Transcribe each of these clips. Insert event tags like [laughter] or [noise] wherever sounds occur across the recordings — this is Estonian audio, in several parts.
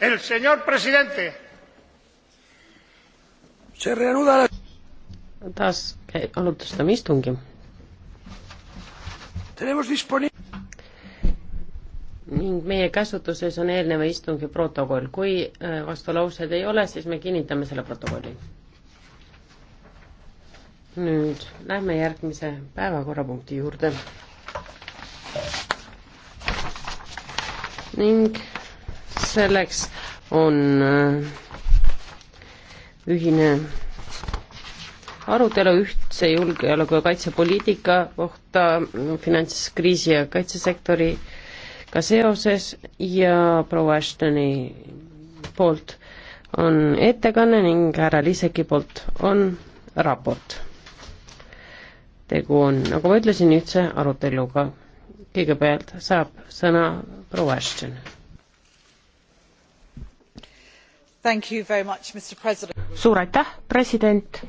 El señor presidente. Se reanuda la... Taas eh, alustame istungi. Tenemos disponi- ning meie käsutuses on eelneva istungi protokoll. kui äh, vastulauseid ei ole, siis me kinnitame selle protokolli. nüüd lähme järgmise päevakorrapunkti juurde. ning selleks on äh, ühine arutelu ühtse julgeoleku ja kaitsepoliitika kohta mm, finantskriisi ja kaitsesektoriga seoses ja proua Ashtoni poolt on ettekanne ning härra Liiseki poolt on raport. tegu on, nagu ma ütlesin, ühtse aruteluga. kõigepealt saab sõna proua Ashton suur aitäh, president!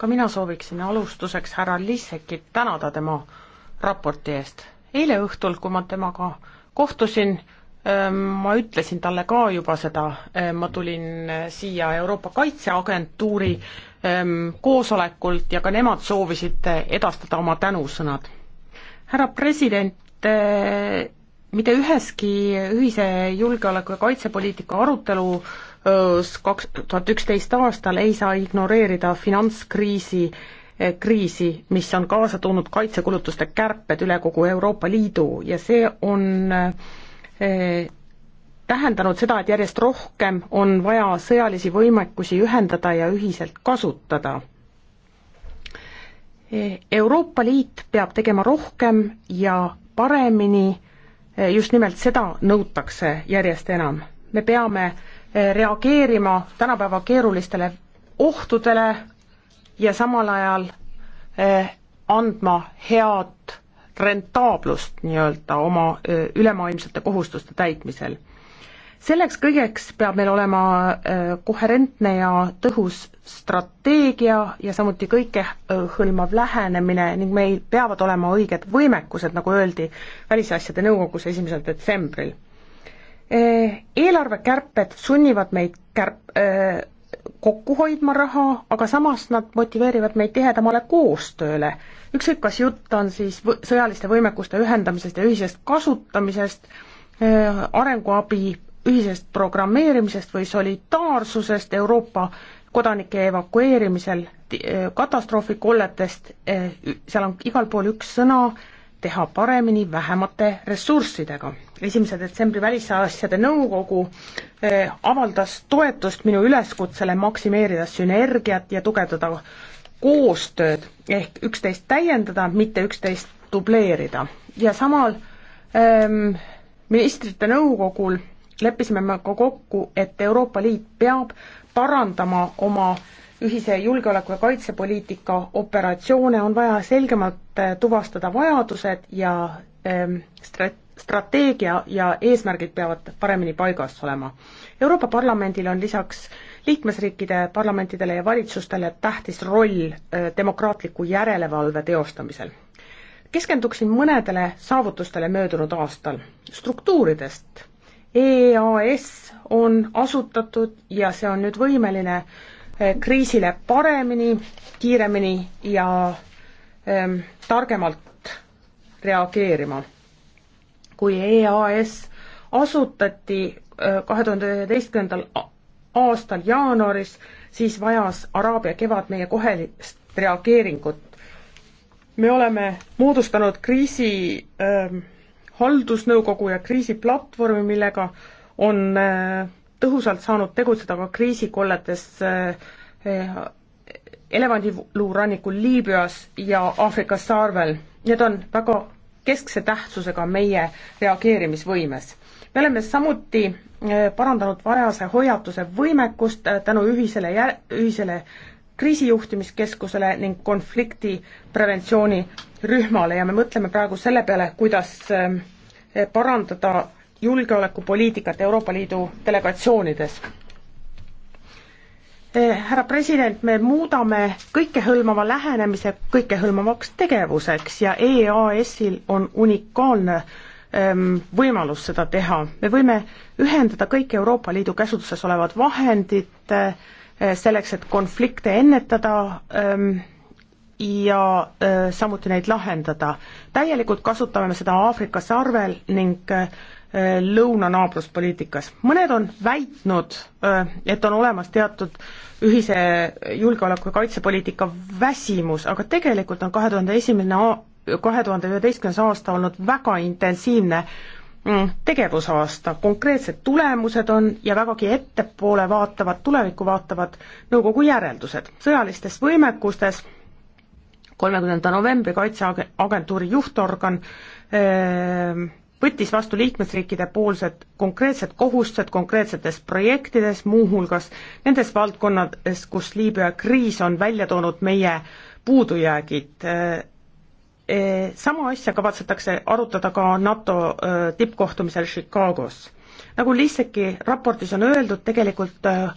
ka mina sooviksin alustuseks härra Lissekit tänada tema raporti eest. eile õhtul, kui ma temaga kohtusin, ähm, ma ütlesin talle ka juba seda, ähm, ma tulin äh, siia Euroopa Kaitseagentuuri ähm, koosolekult ja ka nemad soovisid äh, edastada oma tänusõnad. härra president, äh, mitte üheski ühise julgeoleku- ja kaitsepoliitika arutelu kaks tuhat üksteist aastal ei saa ignoreerida finantskriisi eh, kriisi, mis on kaasa toonud kaitsekulutuste kärped üle kogu Euroopa Liidu ja see on eh, tähendanud seda, et järjest rohkem on vaja sõjalisi võimekusi ühendada ja ühiselt kasutada. Eh, Euroopa Liit peab tegema rohkem ja paremini just nimelt seda nõutakse järjest enam. me peame eh, reageerima tänapäeva keerulistele ohtudele ja samal ajal eh, andma head rentaablust nii-öelda oma eh, ülemaailmsete kohustuste täitmisel selleks kõigeks peab meil olema äh, koherentne ja tõhus strateegia ja samuti kõikehõlmav äh, lähenemine ning meil peavad olema õiged võimekused, nagu öeldi Välisasjade Nõukogus esimesel detsembril. Äh, eelarvekärped sunnivad meid kärp-, kokku hoidma raha, aga samas nad motiveerivad meid tihedamale koostööle. ükskõik, kas jutt on siis võ-, sõjaliste võimekuste ühendamisest ja ühisest kasutamisest, arenguabi ühisest programmeerimisest või solidaarsusest Euroopa kodanike evakueerimisel eh, katastroofikolletest, eh, seal on igal pool üks sõna, teha paremini vähemate ressurssidega. esimese detsembri Välisasjade Nõukogu eh, avaldas toetust minu üleskutsele maksimeerida sünergiat ja tugevdada koostööd, ehk üksteist täiendada, mitte üksteist dubleerida. ja samal ähm, ministrite nõukogul leppisime me ka kokku, et Euroopa Liit peab parandama oma ühise julgeoleku- ja kaitsepoliitika operatsioone, on vaja selgemalt eh, tuvastada vajadused ja ehm, strate-, strateegia ja eesmärgid peavad paremini paigas olema. Euroopa Parlamendil on lisaks liikmesriikide parlamentidele ja valitsustele tähtis roll eh, demokraatliku järelevalve teostamisel. keskenduksin mõnedele saavutustele möödunud aastal. struktuuridest EAS on asutatud ja see on nüüd võimeline eh, kriisile paremini, kiiremini ja ähm, targemalt reageerima. kui EAS asutati eh, kahe tuhande üheteistkümnendal aastal jaanuaris, siis vajas Araabia kevad meie kohelist reageeringut. me oleme moodustanud kriisi ähm, haldusnõukogu ja kriisiplatvormi, millega on äh, tõhusalt saanud tegutseda ka kriisikolletes äh, äh, elevandiluurannikul Liibüas ja Aafrika saarvel. Need on väga keskse tähtsusega meie reageerimisvõimes. me oleme samuti parandanud varase hoiatuse võimekust tänu ühisele jär-, ühisele kriisijuhtimiskeskusele ning konflikti preventsioonirühmale ja me mõtleme praegu selle peale, kuidas eh, parandada julgeolekupoliitikat Euroopa Liidu delegatsioonides. Eh, härra president, me muudame kõikehõlmava lähenemise kõikehõlmavaks tegevuseks ja EAS-il on unikaalne ehm, võimalus seda teha. me võime ühendada kõik Euroopa Liidu käsutuses olevad vahendid äh, Äh, selleks, et konflikte ennetada ähm, ja äh, samuti neid lahendada. täielikult kasutame me seda Aafrika sarvel ning äh, lõunanaabruspoliitikas. mõned on väitnud, et on olemas teatud ühise julgeoleku- ja kaitsepoliitika väsimus, aga tegelikult on kahe tuhande esimene, kahe tuhande üheteistkümnes aasta olnud väga intensiivne Mm. tegevusaasta, konkreetsed tulemused on ja vägagi ettepoole vaatavad, tulevikku vaatavad nõukogu järeldused. sõjalistes võimekustes kolmekümnenda novembri Kaitseagentuuri juhtorgan öö, ehm, võttis vastu liikmesriikide poolsed konkreetsed kohustused konkreetsetes projektides, muuhulgas nendes valdkonnades, kus Liibüa kriis on välja toonud meie puudujäägid ehm, Eh, sama asja kavatsetakse arutada ka NATO eh, tippkohtumisel Chicagos. nagu Lisseki raportis on öeldud, tegelikult eh,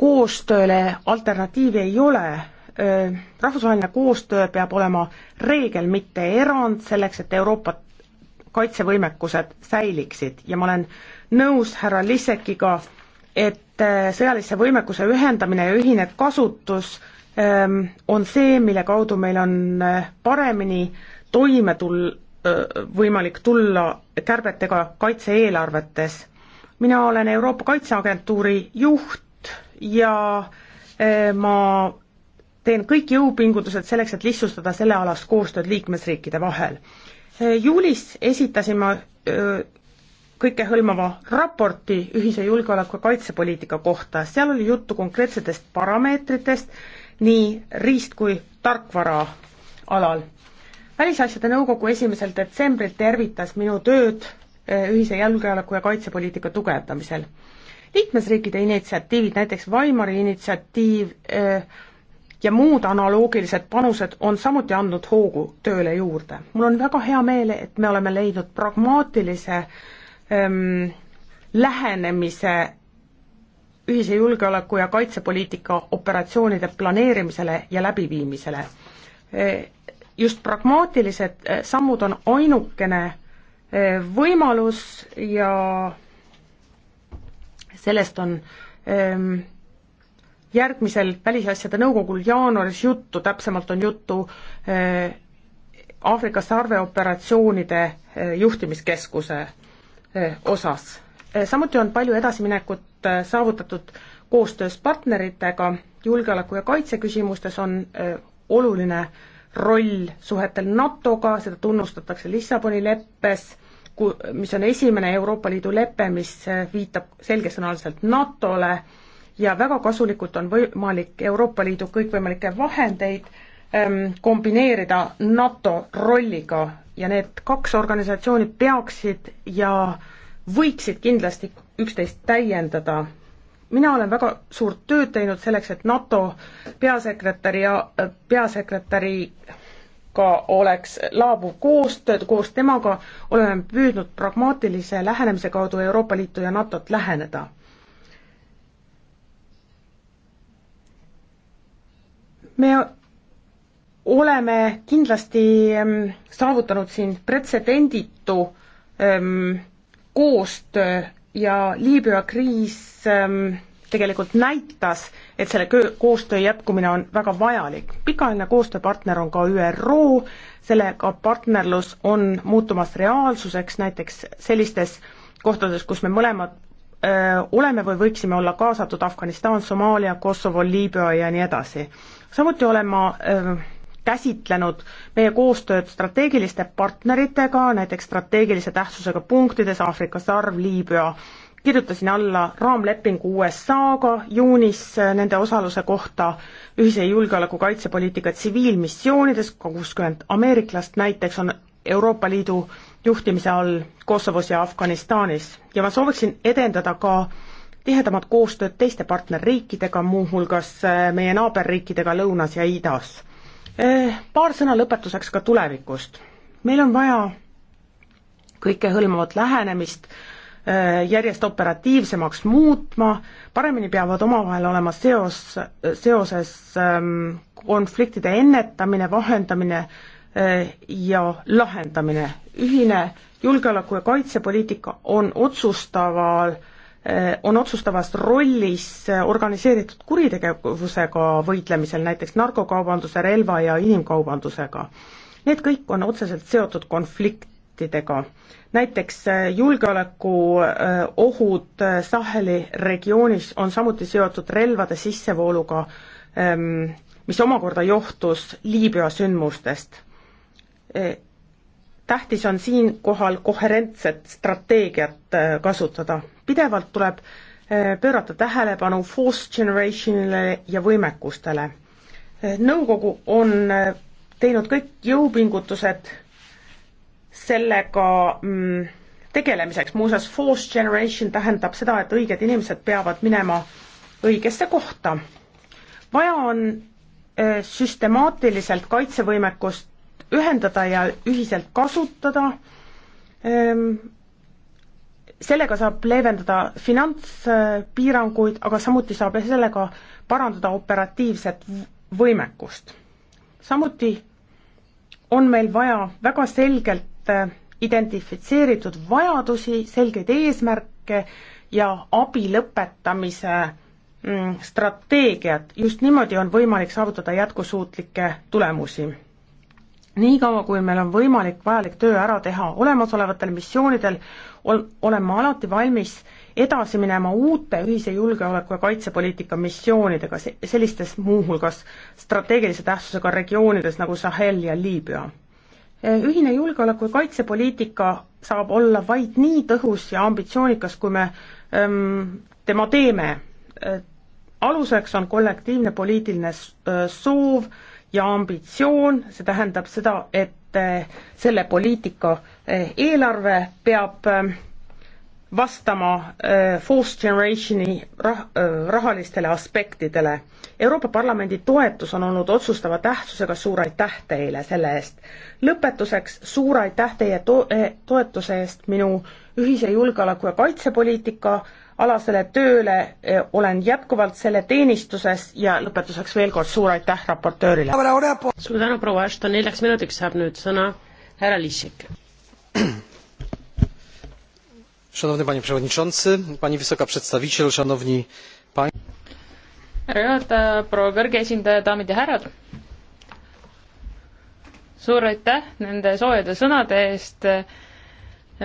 koostööle alternatiivi ei ole, rahvusvaheline koostöö peab olema reegel, mitte erand, selleks et Euroopa kaitsevõimekused säiliksid ja ma olen nõus härra Lissekiga, et sõjalise võimekuse ühendamine ja ühine kasutus äh, Ehm, on see, mille kaudu meil on eh, paremini toime tul-, eh, võimalik tulla kärbetega kaitse-eelarvetes. mina olen Euroopa Kaitseagentuuri juht ja eh, ma teen kõik jõupingutused selleks, et lihtsustada sellealast koostööd liikmesriikide vahel. juulis esitasin ma kõikehõlmava raporti ühise julgeoleku- ja kaitsepoliitika kohta, seal oli juttu konkreetsetest parameetritest, nii riist- kui tarkvara alal. välisasjade nõukogu esimesel detsembril tervitas minu tööd eh, ühise julgeoleku- ja kaitsepoliitika tugevdamisel. liikmesriikide initsiatiivid, näiteks Weimari initsiatiiv eh, ja muud analoogilised panused on samuti andnud hoogu tööle juurde. mul on väga hea meel, et me oleme leidnud pragmaatilise ähm, lähenemise ühise julgeoleku- ja kaitsepoliitika operatsioonide planeerimisele ja läbiviimisele. E, just pragmaatilised e, sammud on ainukene e, võimalus ja sellest on järgmisel Välisasjade Nõukogul jaanuaris juttu, täpsemalt on juttu Aafrika sarveoperatsioonide juhtimiskeskuse osas. samuti on palju edasiminekut Äh, saavutatud koostöös partneritega julgeoleku- ja kaitseküsimustes on äh, oluline roll suhetel NATO-ga, seda tunnustatakse Lissaboni leppes, ku-, mis on esimene Euroopa Liidu lepe, mis äh, viitab selgesõnaliselt NATO-le ja väga kasulikult on võimalik Euroopa Liidu kõikvõimalikke vahendeid ähm, kombineerida NATO rolliga ja need kaks organisatsiooni peaksid ja võiksid kindlasti üksteist täiendada. mina olen väga suurt tööd teinud selleks, et NATO peasekretäri ja äh, peasekretäriga oleks laabuv koostööd, koos temaga oleme püüdnud pragmaatilise lähenemise kaudu Euroopa Liitu ja NATO-t läheneda me oleme kindlasti ähm, saavutanud siin pretsedenditu ähm, koostöö ja Liibüa kriis ähm, tegelikult näitas, et selle koostöö jätkumine on väga vajalik. pikaajaline koostööpartner on ka ÜRO, sellega partnerlus on muutumas reaalsuseks näiteks sellistes kohtades, kus me mõlemad öö, äh, oleme või võiksime olla kaasatud Afganistan, Somaalia, Kosovo, Liibüa ja nii edasi. samuti olen ma öö, äh, käsitlenud meie koostööd strateegiliste partneritega, näiteks strateegilise tähtsusega punktides Aafrika sarv, Liibüa, kirjutasin alla raamlepingu USA-ga juunis nende osaluse kohta ühise julgeoleku kaitsepoliitika tsiviilmissioonides, kuuskümmend ameeriklast näiteks on Euroopa Liidu juhtimise all Kosovos ja Afganistanis ja ma sooviksin edendada ka tihedamat koostööd teiste partnerriikidega, muuhulgas meie naaberriikidega lõunas ja idas. Eh, paar sõna lõpetuseks ka tulevikust. meil on vaja kõikehõlmavat lähenemist, eh, järjest operatiivsemaks muutma, paremini peavad omavahel olema seos, eh, seoses ehm, konfliktide ennetamine, vahendamine ja lahendamine. ühine julgeoleku- ja kaitsepoliitika on otsustaval äh, Äh, on otsustavas rollis äh, organiseeritud kuritegevusega võitlemisel, näiteks narkokaubanduse, relva- ja inimkaubandusega. Need kõik on otseselt seotud konfliktidega. näiteks äh, julgeolekuohud Saheli regioonis on samuti seotud relvade sissevooluga, ähm, mis omakorda johtus Liibüa sündmustest tähtis on siinkohal koherentset strateegiat kasutada pidevalt tuleb eh, pöörata tähelepanu force generation'ile ja võimekustele. Eh, nõukogu on eh, teinud kõik jõupingutused sellega mm, tegelemiseks, muuseas force generation tähendab seda, et õiged inimesed peavad minema õigesse kohta. vaja on öö, süstemaatiliselt kaitsevõimekust ühendada ja ühiselt kasutada öö, ehm, sellega saab leevendada finantspiiranguid, aga samuti saab sellega parandada operatiivset võimekust. samuti on meil vaja väga selgelt äh, identifitseeritud vajadusi, selgeid eesmärke ja abi lõpetamise mm, strateegiat, just niimoodi on võimalik saavutada jätkusuutlikke tulemusi niikaua, kui meil on võimalik vajalik töö ära teha olemasolevatel missioonidel, ol-, olen ma alati valmis edasi minema uute ühise julgeoleku- ja kaitsepoliitika missioonidega, sellistes muuhulgas strateegilise tähtsusega regioonides nagu Sahel ja Liibüa. ühine julgeoleku- ja kaitsepoliitika saab olla vaid nii tõhus ja ambitsioonikas, kui me ähm, tema teeme. Äh, aluseks on kollektiivne poliitiline äh, soov äh, ja ambitsioon, see tähendab seda, et eh, selle poliitika eh, eelarve peab eh, vastama Fourth Generationi rah-, rahalistele aspektidele. Euroopa Parlamendi toetus on olnud otsustava tähtsusega, suur aitäh teile selle eest. lõpetuseks suur aitäh teie to-, toetuse eest minu ühise julgeoleku- ja kaitsepoliitika alasele tööle, eh, olen jätkuvalt selle teenistuses ja lõpetuseks veel kord suur aitäh raportöörile. suur tänu, proua Ashton, neljaks minutiks saab nüüd sõna härra Lissik. Szanowny panie przewodniczący, pani wysoka przedstawiciel, szanowni pani. härra juhataja, proua kõrge esindaja, daamid ja härrad. suur aitäh nende soojade sõnade eest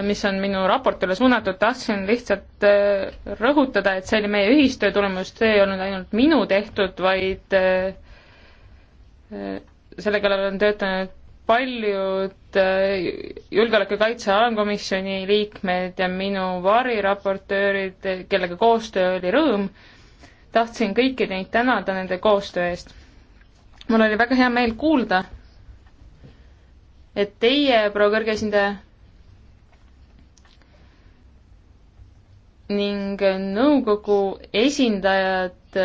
mis on minu raportile suunatud, tahtsin lihtsalt äh, rõhutada, et see oli meie ühistöö tulemus, see ei olnud ainult minu tehtud, vaid äh, äh, selle kallal on töötanud paljud julgeoleku- ja kaitse alamkomisjoni liikmed ja minu variraportöörid, kellega koostöö oli rõõm, tahtsin kõiki neid tänada nende koostöö eest. mul oli väga hea meel kuulda, et teie, proua kõrge esindaja, ning nõukogu esindajad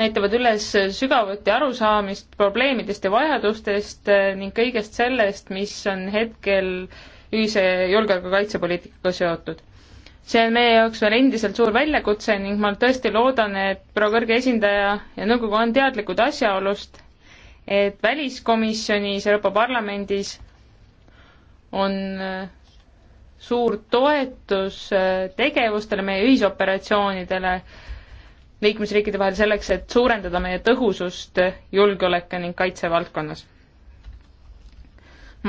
näitavad üles sügavuti arusaamist probleemidest ja vajadustest ning kõigest sellest, mis on hetkel ühise julgeoleku kaitsepoliitikaga seotud. see on meie jaoks veel endiselt suur väljakutse ning ma tõesti loodan, et proua kõrge esindaja ja nõukogu on teadlikud asjaolust, et väliskomisjonis Euroopa Parlamendis on suur toetus äh, tegevustele, meie ühisoperatsioonidele liikmesriikide vahel selleks, et suurendada meie tõhusust julgeoleku ning kaitse valdkonnas.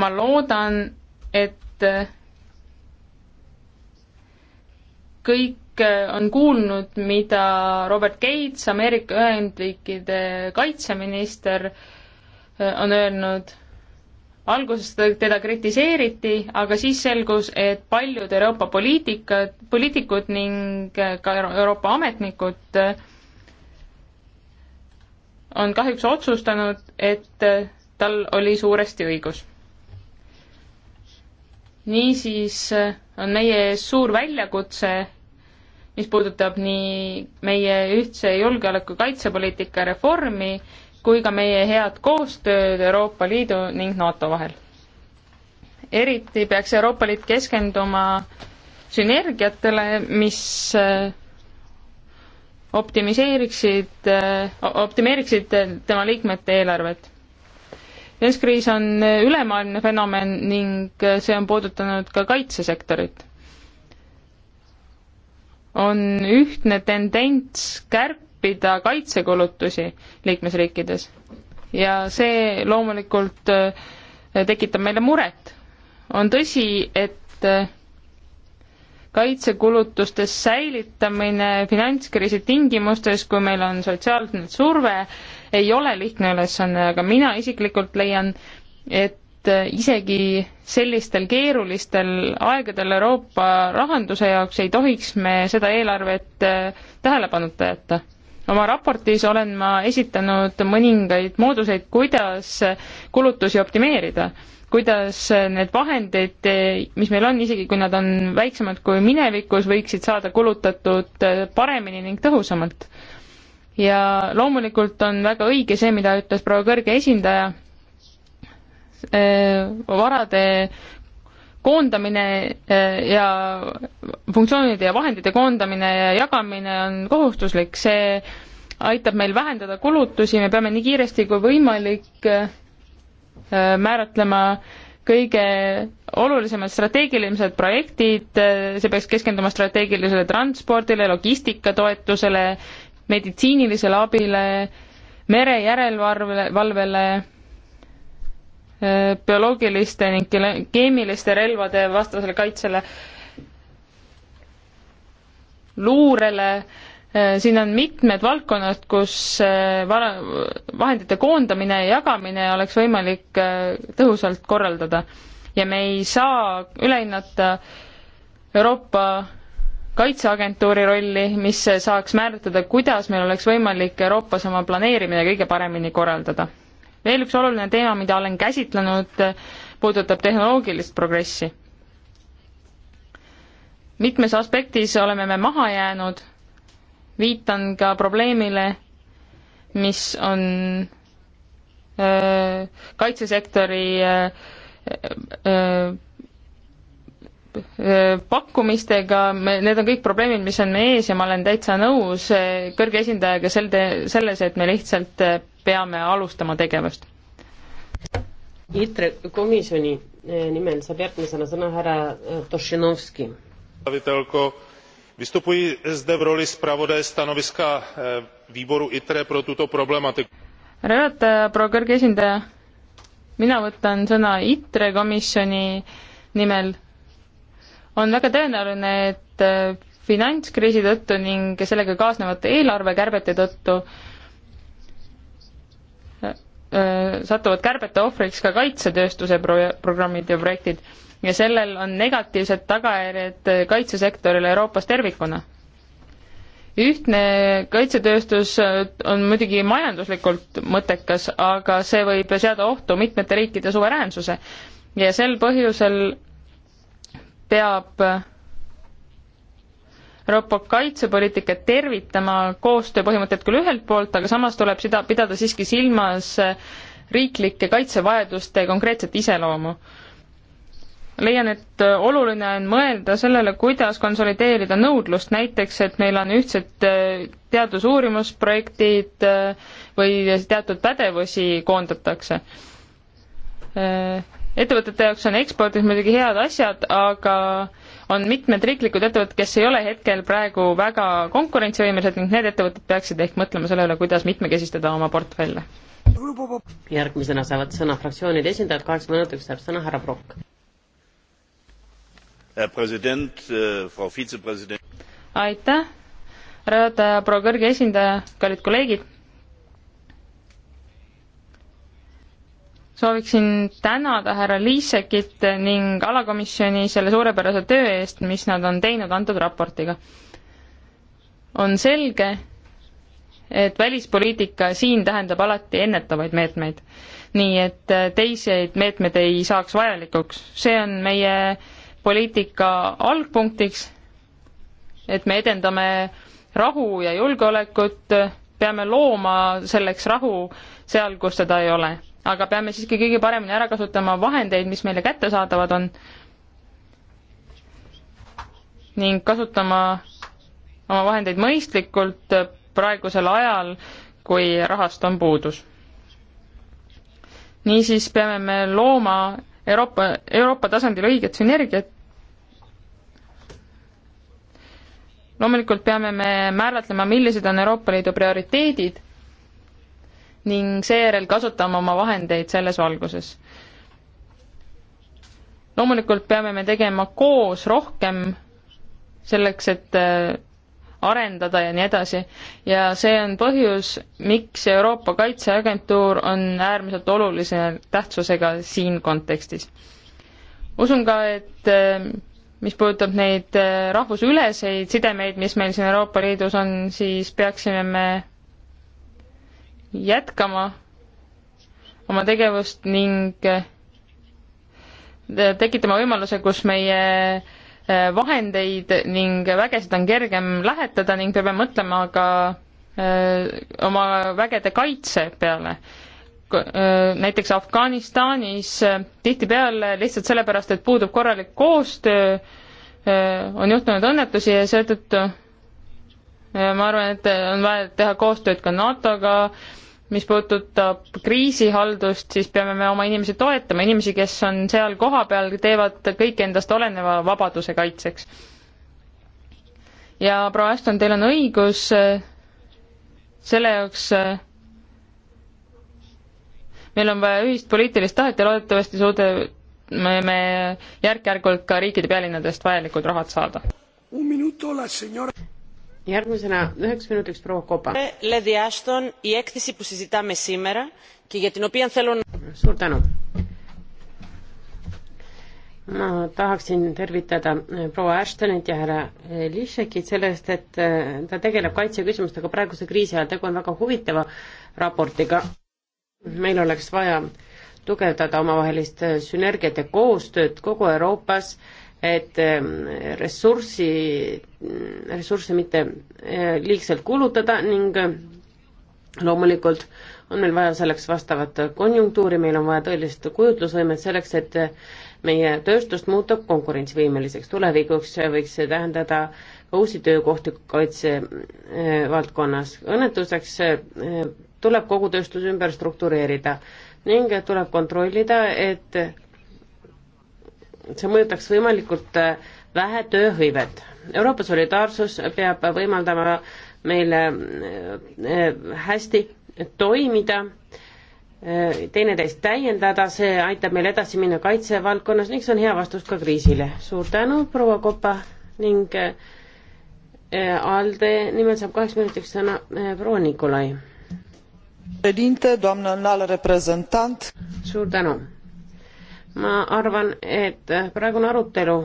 ma loodan, et äh, kõik äh, on kuulnud, mida Robert Gates, Ameerika Ühendriikide kaitseminister, on öelnud alguses teda kritiseeriti, aga siis selgus, et paljud Euroopa poliitikad, poliitikud ning äh, ka Euroopa ametnikud äh, on kahjuks otsustanud, et äh, tal oli suuresti õigus. niisiis on meie ees suur väljakutse, mis puudutab nii meie ühtse julgeoleku kaitsepoliitika reformi kui ka meie head koostööd Euroopa Liidu ning NATO vahel. eriti peaks Euroopa Liit keskenduma sünergiatele, mis äh, optimiseeriksid, äh, optimeeriksid tema liikmete eelarvet. finantskriis on äh, ülemaailmne fenomen ning see on puudutanud ka kaitsesektorit. on ühtne tendents kärp-, kärpida kaitsekulutusi liikmesriikides. ja see loomulikult äh, tekitab meile muret. on tõsi, et äh, kaitsekulutuste säilitamine finantskriisi tingimustes, kui meil on sotsiaalne surve, ei ole lihtne ülesanne, aga mina isiklikult leian, et äh, isegi sellistel keerulistel aegadel Euroopa rahanduse jaoks ei tohiks me seda eelarvet tähelepanuta jätta oma raportis olen ma esitanud mõningaid mooduseid, kuidas kulutusi optimeerida, kuidas need vahendid, mis meil on, isegi kui nad on väiksemad kui minevikus, võiksid saada kulutatud paremini ning tõhusamalt. ja loomulikult on väga õige see, mida ütles proua kõrge esindaja, varade koondamine eh, ja funktsioonide ja vahendite koondamine ja jagamine on kohustuslik, see aitab meil vähendada kulutusi, me peame nii kiiresti kui võimalik eh, määratlema kõige olulisemad strateegilised projektid, see peaks keskenduma strateegilisele transpordile, logistika toetusele, meditsiinilisele abile, merejärelevalvele, bioloogiliste ning keemiliste relvade vastasele kaitsele, luurele, eh, siin on mitmed valdkonnad, kus eh, vara, vahendite koondamine ja jagamine oleks võimalik eh, tõhusalt korraldada. ja me ei saa üle hinnata Euroopa kaitseagentuuri rolli, mis saaks määratleda, kuidas meil oleks võimalik Euroopas oma planeerimine kõige paremini korraldada veel üks oluline teema, mida olen käsitlenud, puudutab tehnoloogilist progressi. mitmes aspektis oleme me maha jäänud, viitan ka probleemile, mis on öö, kaitsesektori öö, öö, pakkumistega, me, need on kõik probleemid, mis on ees ja ma olen täitsa nõus kõrge esindajaga sel te-, selles, et me lihtsalt peame alustama tegevust. ITRE komisjoni e, nimel saab järgmisena sõna härra e, Tošinovski. Vystupuji zde v roli zpravodaje stanoviska e, výboru ITRE pro tuto problematiku. härra juhataja, proua kõrge esindaja, mina võtan sõna ITRE komisjoni nimel. on väga tõenäoline, et finantskriisi tõttu ning sellega kaasnevate eelarvekärbete tõttu äh, Äh, satuvad kärbete ohvriks ka kaitsetööstuse pro-, programmid ja projektid ja sellel on negatiivsed tagajärjed kaitsesektorile Euroopas tervikuna. ühtne kaitsetööstus äh, on muidugi majanduslikult mõttekas, aga see võib seada ohtu mitmete riikide suveräänsuse ja sel põhjusel peab äh, Euroopa kaitsepoliitikat tervitama koostööpõhimõtet küll ühelt poolt, aga samas tuleb seda pidada siiski silmas riiklike kaitsevajaduste konkreetset iseloomu. leian, et oluline on mõelda sellele, kuidas konsolideerida nõudlust, näiteks et meil on ühtsed äh, teadus-uurimusprojektid äh, või teatud pädevusi koondatakse äh, ettevõtete jaoks on ekspordis muidugi head asjad, aga on mitmed riiklikud ettevõtted, kes ei ole hetkel praegu väga konkurentsivõimelised ning need ettevõtted peaksid ehk mõtlema selle üle, kuidas mitmekesistada oma portfelle. järgmisena saavad sõna fraktsioonide esindajad, kaheks minutiks saab sõna härra Brock. härra president, proua äh, vitsepresident. aitäh, härra juhataja, proua kõrge esindaja, kallid kolleegid sooviksin tänada härra Liisekit ning alakomisjoni selle suurepärase töö eest, mis nad on teinud antud raportiga. on selge, et välispoliitika siin tähendab alati ennetavaid meetmeid. nii et teiseid meetmeid ei saaks vajalikuks. see on meie poliitika algpunktiks, et me edendame rahu ja julgeolekut, peame looma selleks rahu seal, kus seda ei ole aga peame siiski kõige paremini ära kasutama vahendeid, mis meile kättesaadavad on ning kasutama oma vahendeid mõistlikult praegusel ajal, kui rahast on puudus. niisiis peame me looma Euroopa, Euroopa tasandil õiget sünergiat. loomulikult peame me määratlema, millised on Euroopa Liidu prioriteedid ning seejärel kasutama oma vahendeid selles valguses. loomulikult peame me tegema koos rohkem selleks, et äh, arendada ja nii edasi. ja see on põhjus, miks Euroopa Kaitseagentuur on äärmiselt olulise tähtsusega siin kontekstis. usun ka, et äh, mis puudutab neid äh, rahvusüleseid sidemeid, mis meil siin Euroopa Liidus on, siis peaksime me jätkama oma tegevust ning eh, tekitama võimaluse, kus meie eh, vahendeid ning vägesid on kergem lähetada ning peame mõtlema ka eh, oma vägede kaitse peale. näiteks Afganistanis tihtipeale lihtsalt sellepärast, et puudub korralik koostöö, on juhtunud õnnetusi ja seetõttu ma arvan, et on vaja teha koostööd ka NATO-ga, mis puudutab kriisihaldust, siis peame me oma inimesi toetama, inimesi, kes on seal kohapeal, teevad kõik endast oleneva vabaduse kaitseks. ja proua Aston, teil on õigus selle jaoks meil on vaja ühist poliitilist tahet ja loodetavasti suudame me järk-järgult ka riikide pealinnadest vajalikud rahad saada järgmisena üheks minutiks proua Kopa. Lady Ashton, η έκθεση που συζητάμε σήμερα και για την οποία θέλω να... Suur tänu. ma tahaksin tervitada äh, proua Ashtonit ja härra äh, Lišekit selle eest, et äh, ta tegeleb kaitseküsimustega praeguse kriisi ajal, tegu on väga huvitava raportiga. meil oleks vaja tugevdada omavahelist sünergiat ja koostööd kogu Euroopas äh, et ähm, ressurssi, ressursse mitte äh, liigselt kulutada ning äh, loomulikult on meil vaja selleks vastavat konjunktuuri, meil on vaja tõelist kujutlusvõimet selleks, et äh, meie tööstust muuta konkurentsivõimeliseks. tulevikuks võiks see tähendada ka uusi töökohti kaitsevaldkonnas. õnnetuseks tuleb kogu tööstus ümber struktureerida ning tuleb kontrollida, et see mõjutaks võimalikult äh, vähe tööhõivet. Euroopa solidaarsus peab võimaldama meile äh, äh, hästi toimida, teineteist täiendada, see aitab meil edasi minna kaitsevaldkonnas ning see on hea vastus ka kriisile. suur tänu, proua Kopa ning ALDE nimel saab kaheks minutiks sõna proua Nikolai. suur tänu ma arvan, et praegune arutelu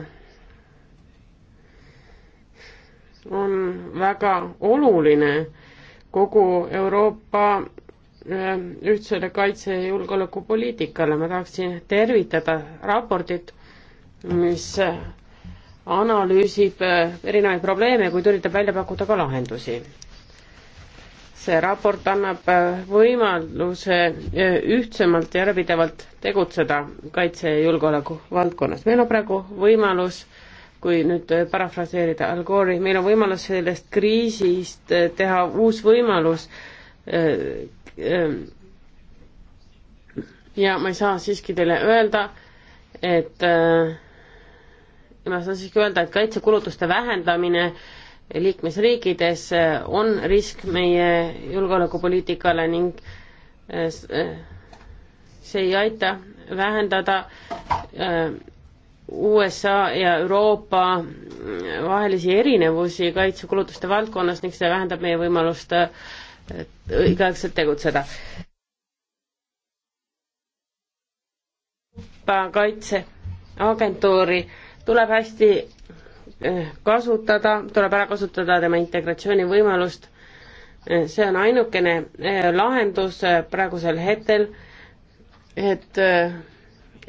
on väga oluline kogu Euroopa äh, ühtsele kaitse- ja julgeolekupoliitikale, ma tahaksin tervitada raportit, mis äh, analüüsib äh, erinevaid probleeme, kuid üritab välja pakkuda ka lahendusi see raport annab äh, võimaluse äh, ühtsemalt ja järjepidevalt tegutseda kaitse ja julgeoleku valdkonnas. meil on praegu võimalus, kui nüüd äh, parafraseerida Al Gore'i, meil on võimalus sellest kriisist teha uus võimalus. ja ma ei saa siiski teile öelda, et ma saan siiski öelda, et kaitsekulutuste vähendamine äh, liikmesriikides eh, on risk meie julgeolekupoliitikale ning eh, eh, see ei aita vähendada USA ja Euroopa mm, vahelisi erinevusi kaitsekulutuste valdkonnas ning see vähendab meie võimalust õigeaegselt tegutseda. kaitseagentuuri tuleb hästi Eh, kasutada, tuleb ära kasutada tema integratsioonivõimalust. Eh, see on ainukene eh, lahendus praegusel hetkel, et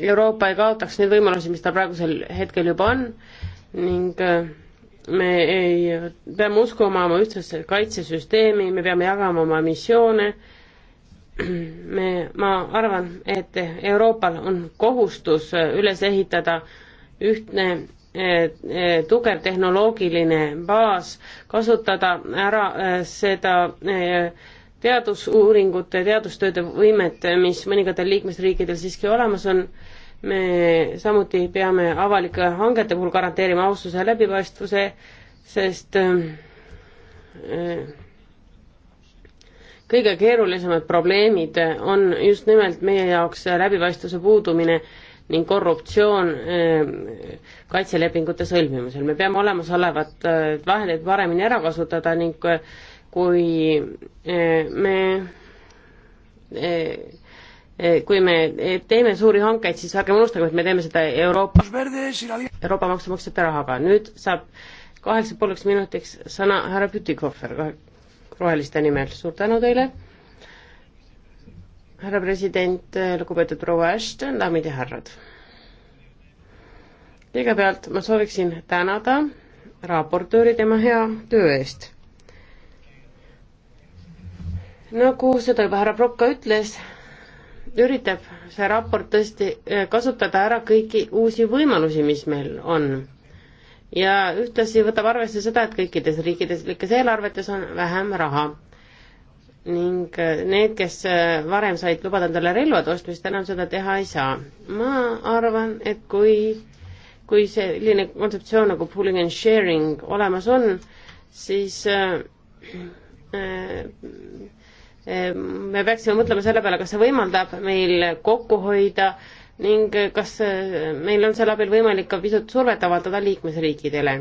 Euroopa ei kaotaks neid võimalusi, mis tal praegusel hetkel juba on ning me ei, peame uskuma oma ühtsesse kaitsesüsteemi, me peame jagama oma missioone, [clears throat] me, ma arvan, et Euroopal on kohustus üles ehitada ühtne Eh, eh, tugev tehnoloogiline baas, kasutada ära eh, seda teadusuuringute, teadustööde võimet, mis mõningatel liikmesriikidel siiski olemas on, me samuti peame avalike hangete puhul garanteerima aususe ja läbipaistvuse, sest kõige keerulisemad probleemid on just nimelt meie jaoks läbipaistvuse puudumine ning korruptsioon ehm, kaitselepingute sõlmimisel. me peame olemasolevad eh, vahendeid paremini ära kasutada ning eh, eh, kui me kui me teeme suuri hankeid, siis ärgem unustagem, et me teeme seda Euroopa, Euroopa maksumaksjate rahaga. nüüd saab kaheksa pooleks minutiks sõna härra Pütikohver roheliste nimel. suur tänu teile härra president, lugupeetud proua Ashton, daamid ja härrad. kõigepealt ma sooviksin tänada raportööri tema hea töö eest. nagu seda juba härra Prokk ka ütles, üritab see raport tõesti eh, kasutada ära kõiki uusi võimalusi, mis meil on. ja ühtlasi võtab arvesse seda, et kõikides riikides, eelarvetes on vähem raha ning äh, need, kes äh, varem said lubada endale relvade ostmist, enam seda teha ei saa. ma arvan, et kui, kui selline kontseptsioon nagu pooling and sharing olemas on, siis äh, äh, äh me peaksime mõtlema selle peale, kas see võimaldab meil kokku hoida ning kas meil on selle abil võimalik ka pisut survet avaldada liikmesriikidele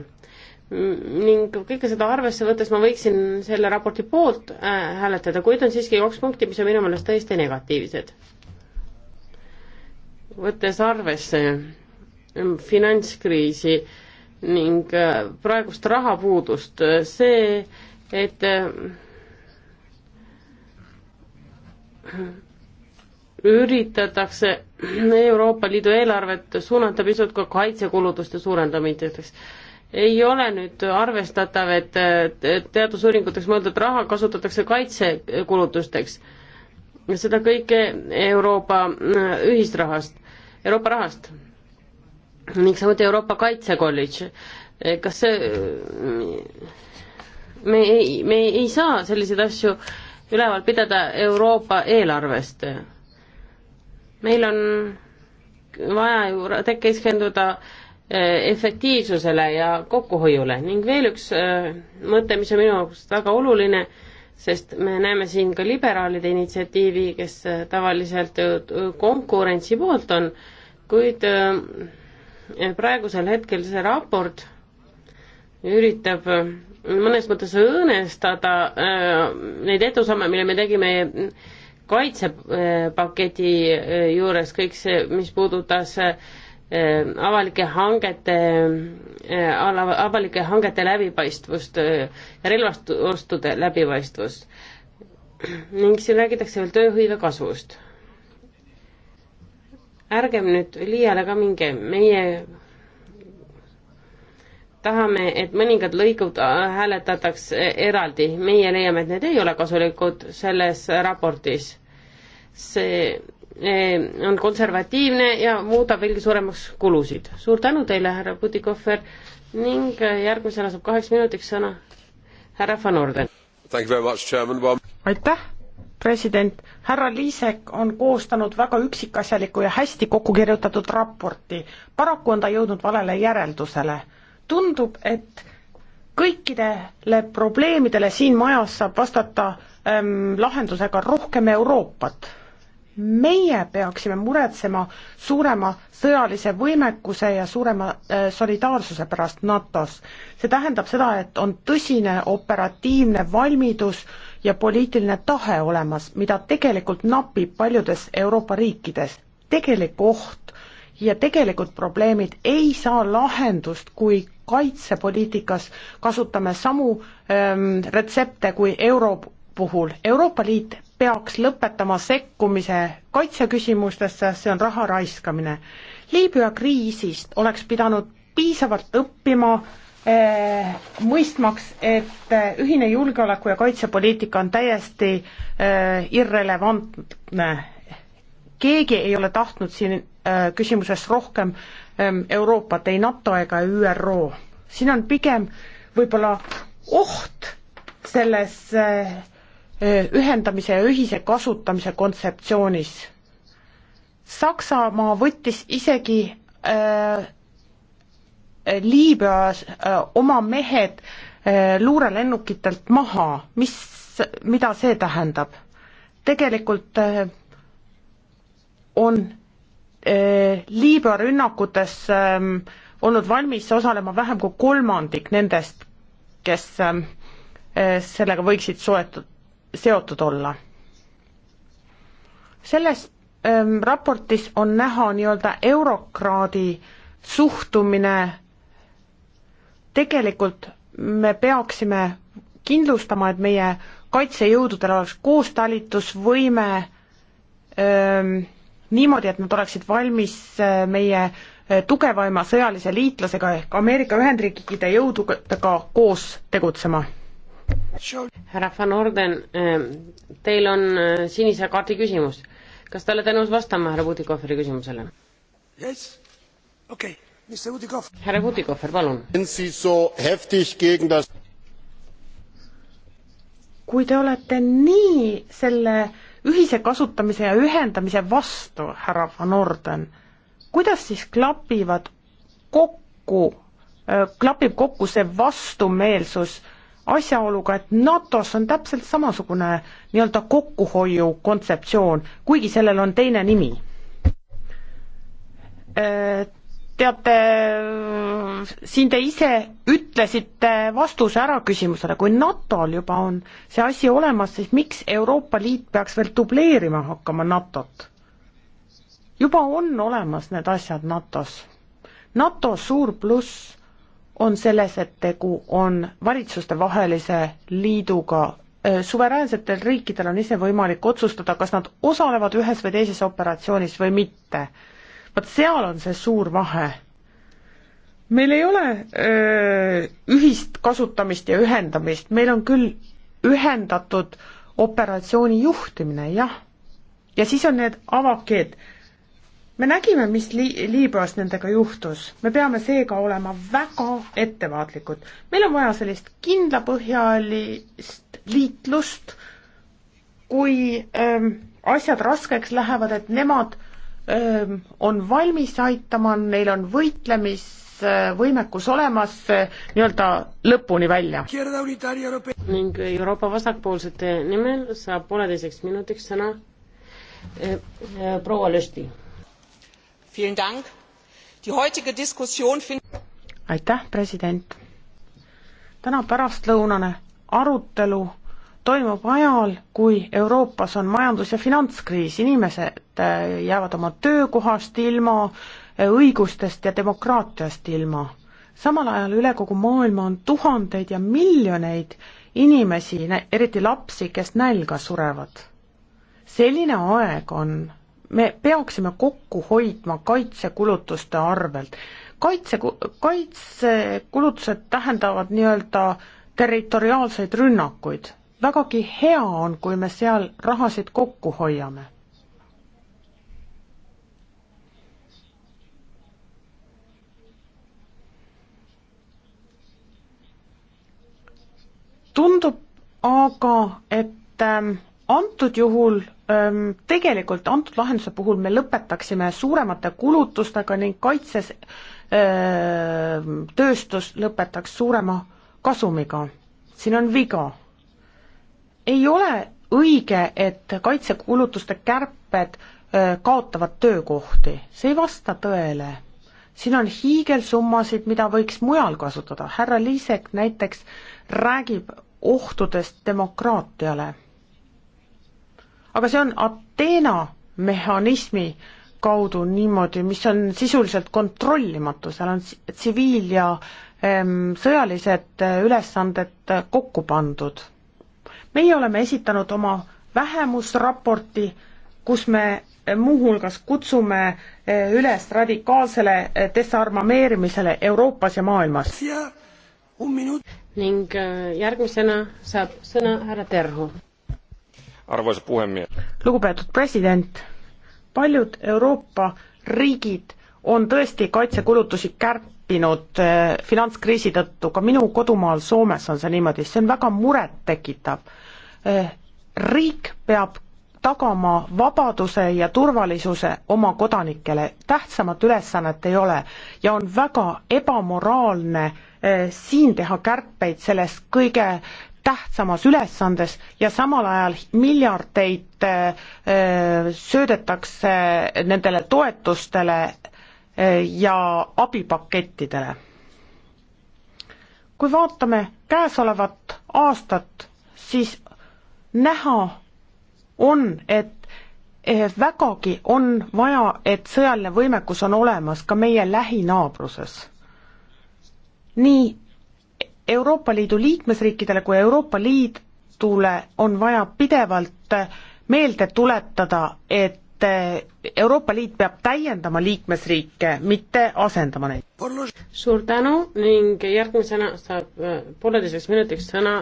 ning kõike seda arvesse võttes ma võiksin selle raporti poolt äh, hääletada, kuid on siiski kaks punkti, mis on minu meelest täiesti negatiivsed. võttes arvesse ähm, finantskriisi ning äh, praegust rahapuudust, äh, see, et üritatakse Euroopa Liidu eelarvet suunata pisut ka kaitsekulutuste suurendamiseks ei ole nüüd arvestatav, et teadusuuringuteks mõeldud raha kasutatakse kaitsekulutusteks. seda kõike Euroopa äh, ühisrahast, Euroopa rahast ning samuti Euroopa Kaitsekolledž. Äh, kas see, äh, me ei, me ei saa selliseid asju üleval pidada Euroopa eelarvest. meil on vaja ju keskenduda äh, Eh, efektiivsusele ja kokkuhoiule ning veel üks eh, mõte, mis on minu jaoks väga oluline, sest me näeme siin ka liberaalide initsiatiivi, kes eh, tavaliselt konkurentsi poolt on, kuid praegusel hetkel see raport üritab mõnes mõttes õõnestada neid edusamme, mille me tegime kaitsepaketi juures, kõik see, mis puudutas äh, Äh, avalike hangete, äh, avalike hangete läbipaistvust äh, ja relvastuste läbipaistvust. ning siin räägitakse veel tööhõive kasvust. ärgem nüüd liiale ka minge, meie tahame, et mõningad lõigud hääletatakse eraldi, meie leiame, et need ei ole kasulikud selles raportis. see Eh, on konservatiivne ja muudab veelgi suuremaks kulusid. suur tänu teile, härra Putikohver ning eh, järgmisena saab kaheks minutiks sõna härra Van Orden. aitäh, president, härra Liisek on koostanud väga üksikasjaliku ja hästi kokku kirjutatud raporti. paraku on ta jõudnud valele järeldusele. tundub, et kõikidele probleemidele siin majas saab vastata ähm, lahendusega rohkem Euroopat meie peaksime muretsema suurema sõjalise võimekuse ja suurema äh, solidaarsuse pärast NATO-s. see tähendab seda, et on tõsine operatiivne valmidus ja poliitiline tahe olemas, mida tegelikult napib paljudes Euroopa riikides. tegelik oht ja tegelikud probleemid ei saa lahendust, kui kaitsepoliitikas kasutame samu ähm, retsepte kui euro puhul. Euroopa Liit peaks lõpetama sekkumise kaitseküsimustesse, see on raha raiskamine. Liibüa kriisist oleks pidanud piisavalt õppima eh, mõistmaks, et eh, ühine julgeoleku- ja kaitsepoliitika on täiesti eh, irrelevantne. keegi ei ole tahtnud siin eh, küsimuses rohkem eh, Euroopat, ei NATO ega ÜRO. siin on pigem võib-olla oht selles eh, ühendamise ja ühise kasutamise kontseptsioonis. Saksamaa võttis isegi äh, Liibüas äh, oma mehed äh, luurelennukitelt maha, mis, mida see tähendab? tegelikult äh, on äh, Liibüa rünnakutes äh, olnud valmis osalema vähem kui kolmandik nendest, kes äh, sellega võiksid soetud, seotud olla. selles ähm, raportis on näha nii-öelda eurokraadi suhtumine, tegelikult me peaksime kindlustama, et meie kaitsejõududel oleks koostalitusvõime ähm, niimoodi, et nad oleksid valmis äh, meie äh, tugevaima sõjalise liitlasega ehk Ameerika Ühendriikide jõududega koos tegutsema härra Van Orden, eh, teil on eh, sinise kaardi küsimus. kas te olete nõus vastama härra Putikoferi küsimusele yes.? Okay. härra Putikofer, palun. kui te olete nii selle ühise kasutamise ja ühendamise vastu, härra Van Orden, kuidas siis klapivad kokku, eh, klapib kokku see vastumeelsus äh, asjaoluga, et NATO-s on täpselt samasugune nii-öelda kokkuhoiu kontseptsioon, kuigi sellel on teine nimi. Äh, teate, siin te ise ütlesite vastuse ära küsimusele, kui NATO-l juba on see asi olemas, siis miks Euroopa Liit peaks veel dubleerima hakkama NATO-t? juba on olemas need asjad NATO-s. NATO suur pluss on selles, et tegu on valitsustevahelise liiduga. Äh, suveräänsetel riikidel on ise võimalik otsustada, kas nad osalevad ühes või teises operatsioonis või mitte. vot seal on see suur vahe. meil ei ole öö, äh, ühist kasutamist ja ühendamist, meil on küll ühendatud operatsiooni juhtimine, jah. ja siis on need avakeed me nägime, mis Li-, Liibüas nendega juhtus, me peame seega olema väga ettevaatlikud. meil on vaja sellist kindlapõhjalist liitlust, kui ähm, asjad raskeks lähevad, et nemad ähm, on valmis aitama, neil on võitlemisvõimekus äh, olemas äh, nii-öelda lõpuni välja. ning Euroopa vasakpoolsete nimel saab pooleteiseks minutiks sõna äh, äh proua Lösti aitäh, president. täna pärastlõunane arutelu toimub ajal, kui Euroopas on majandus- ja finantskriis, inimesed eh, jäävad oma töökohast ilma, eh, õigustest ja demokraatiast ilma. samal ajal üle kogu maailma on tuhandeid ja miljoneid inimesi, eriti lapsi, kes nälga surevad. selline aeg on me peaksime kokku hoidma kaitsekulutuste arvelt. kaitse, kaitsekulutused tähendavad nii-öelda territoriaalseid rünnakuid. vägagi hea on, kui me seal rahasid kokku hoiame. tundub aga, et ähm, antud juhul tegelikult antud lahenduse puhul me lõpetaksime suuremate kulutustega ning kaitses öö, tööstus lõpetaks suurema kasumiga. siin on viga. ei ole õige, et kaitsekulutuste kärped öö, kaotavad töökohti, see ei vasta tõele. siin on hiigelsummasid, mida võiks mujal kasutada, härra Liisek näiteks räägib ohtudest demokraatiale aga see on Ateena mehhanismi kaudu niimoodi, mis on sisuliselt kontrollimatu, seal on tsiviil- ja ähm, sõjalised eh, ülesanded kokku pandud. meie oleme esitanud oma vähemusraporti, kus me eh, muuhulgas kutsume eh, üles radikaalsele desarmameerimisele Euroopas ja maailmas. ning järgmisena saab sõna härra Terho arvoisa puhemies. lugupeetud president, paljud Euroopa riigid on tõesti kaitsekulutusi kärpinud eh, finantskriisi tõttu, ka minu kodumaal Soomes on see niimoodi, see on väga murettekitav eh,. riik peab tagama vabaduse ja turvalisuse oma kodanikele, tähtsamat ülesannet ei ole ja on väga ebamoraalne eh, siin teha kärpeid selles kõige tähtsamas ülesandes ja samal ajal miljardeid äh, äh, söödetakse nendele toetustele äh, ja abipakettidele. kui vaatame käesolevat aastat, siis näha on, et eh, vägagi on vaja, et sõjaline võimekus on olemas ka meie lähinaabruses. nii Euroopa Liidu liikmesriikidele kui Euroopa Liidule on vaja pidevalt meelde tuletada, et Euroopa Liit peab täiendama liikmesriike, mitte asendama neid. suur tänu ning järgmisena saab äh, pooleteiseks minutiks sõna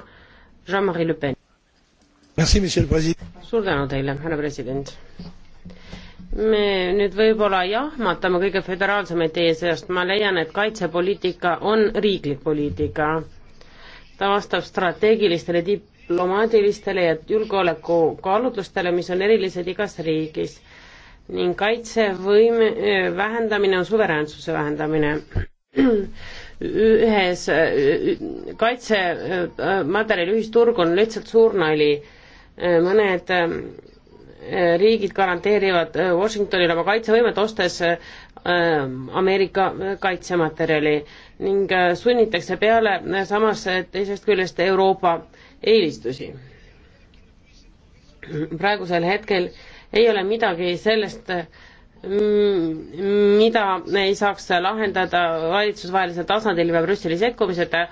Jean-Marie Le Pen. suur tänu teile, härra president. me nüüd võib-olla jahmatame kõige föderaalsemaid teie seast, ma leian, et kaitsepoliitika on riiklik poliitika ta vastab strateegilistele, diplomaatilistele ja julgeolekukaalutlustele, mis on erilised igas riigis ning kaitsevõime vähendamine on suveräänsuse vähendamine. [clears throat] ühes kaitsematerjali ühisturg on lihtsalt suur nali. mõned riigid garanteerivad Washingtonile oma kaitsevõimet, ostes Ähm, Ameerika kaitsematerjali ning äh, sunnitakse peale äh, samas äh, teisest küljest Euroopa eelistusi. praegusel hetkel ei ole midagi sellest, mida ei saaks lahendada valitsusvahelisel tasandil või Brüsseli sekkumiseta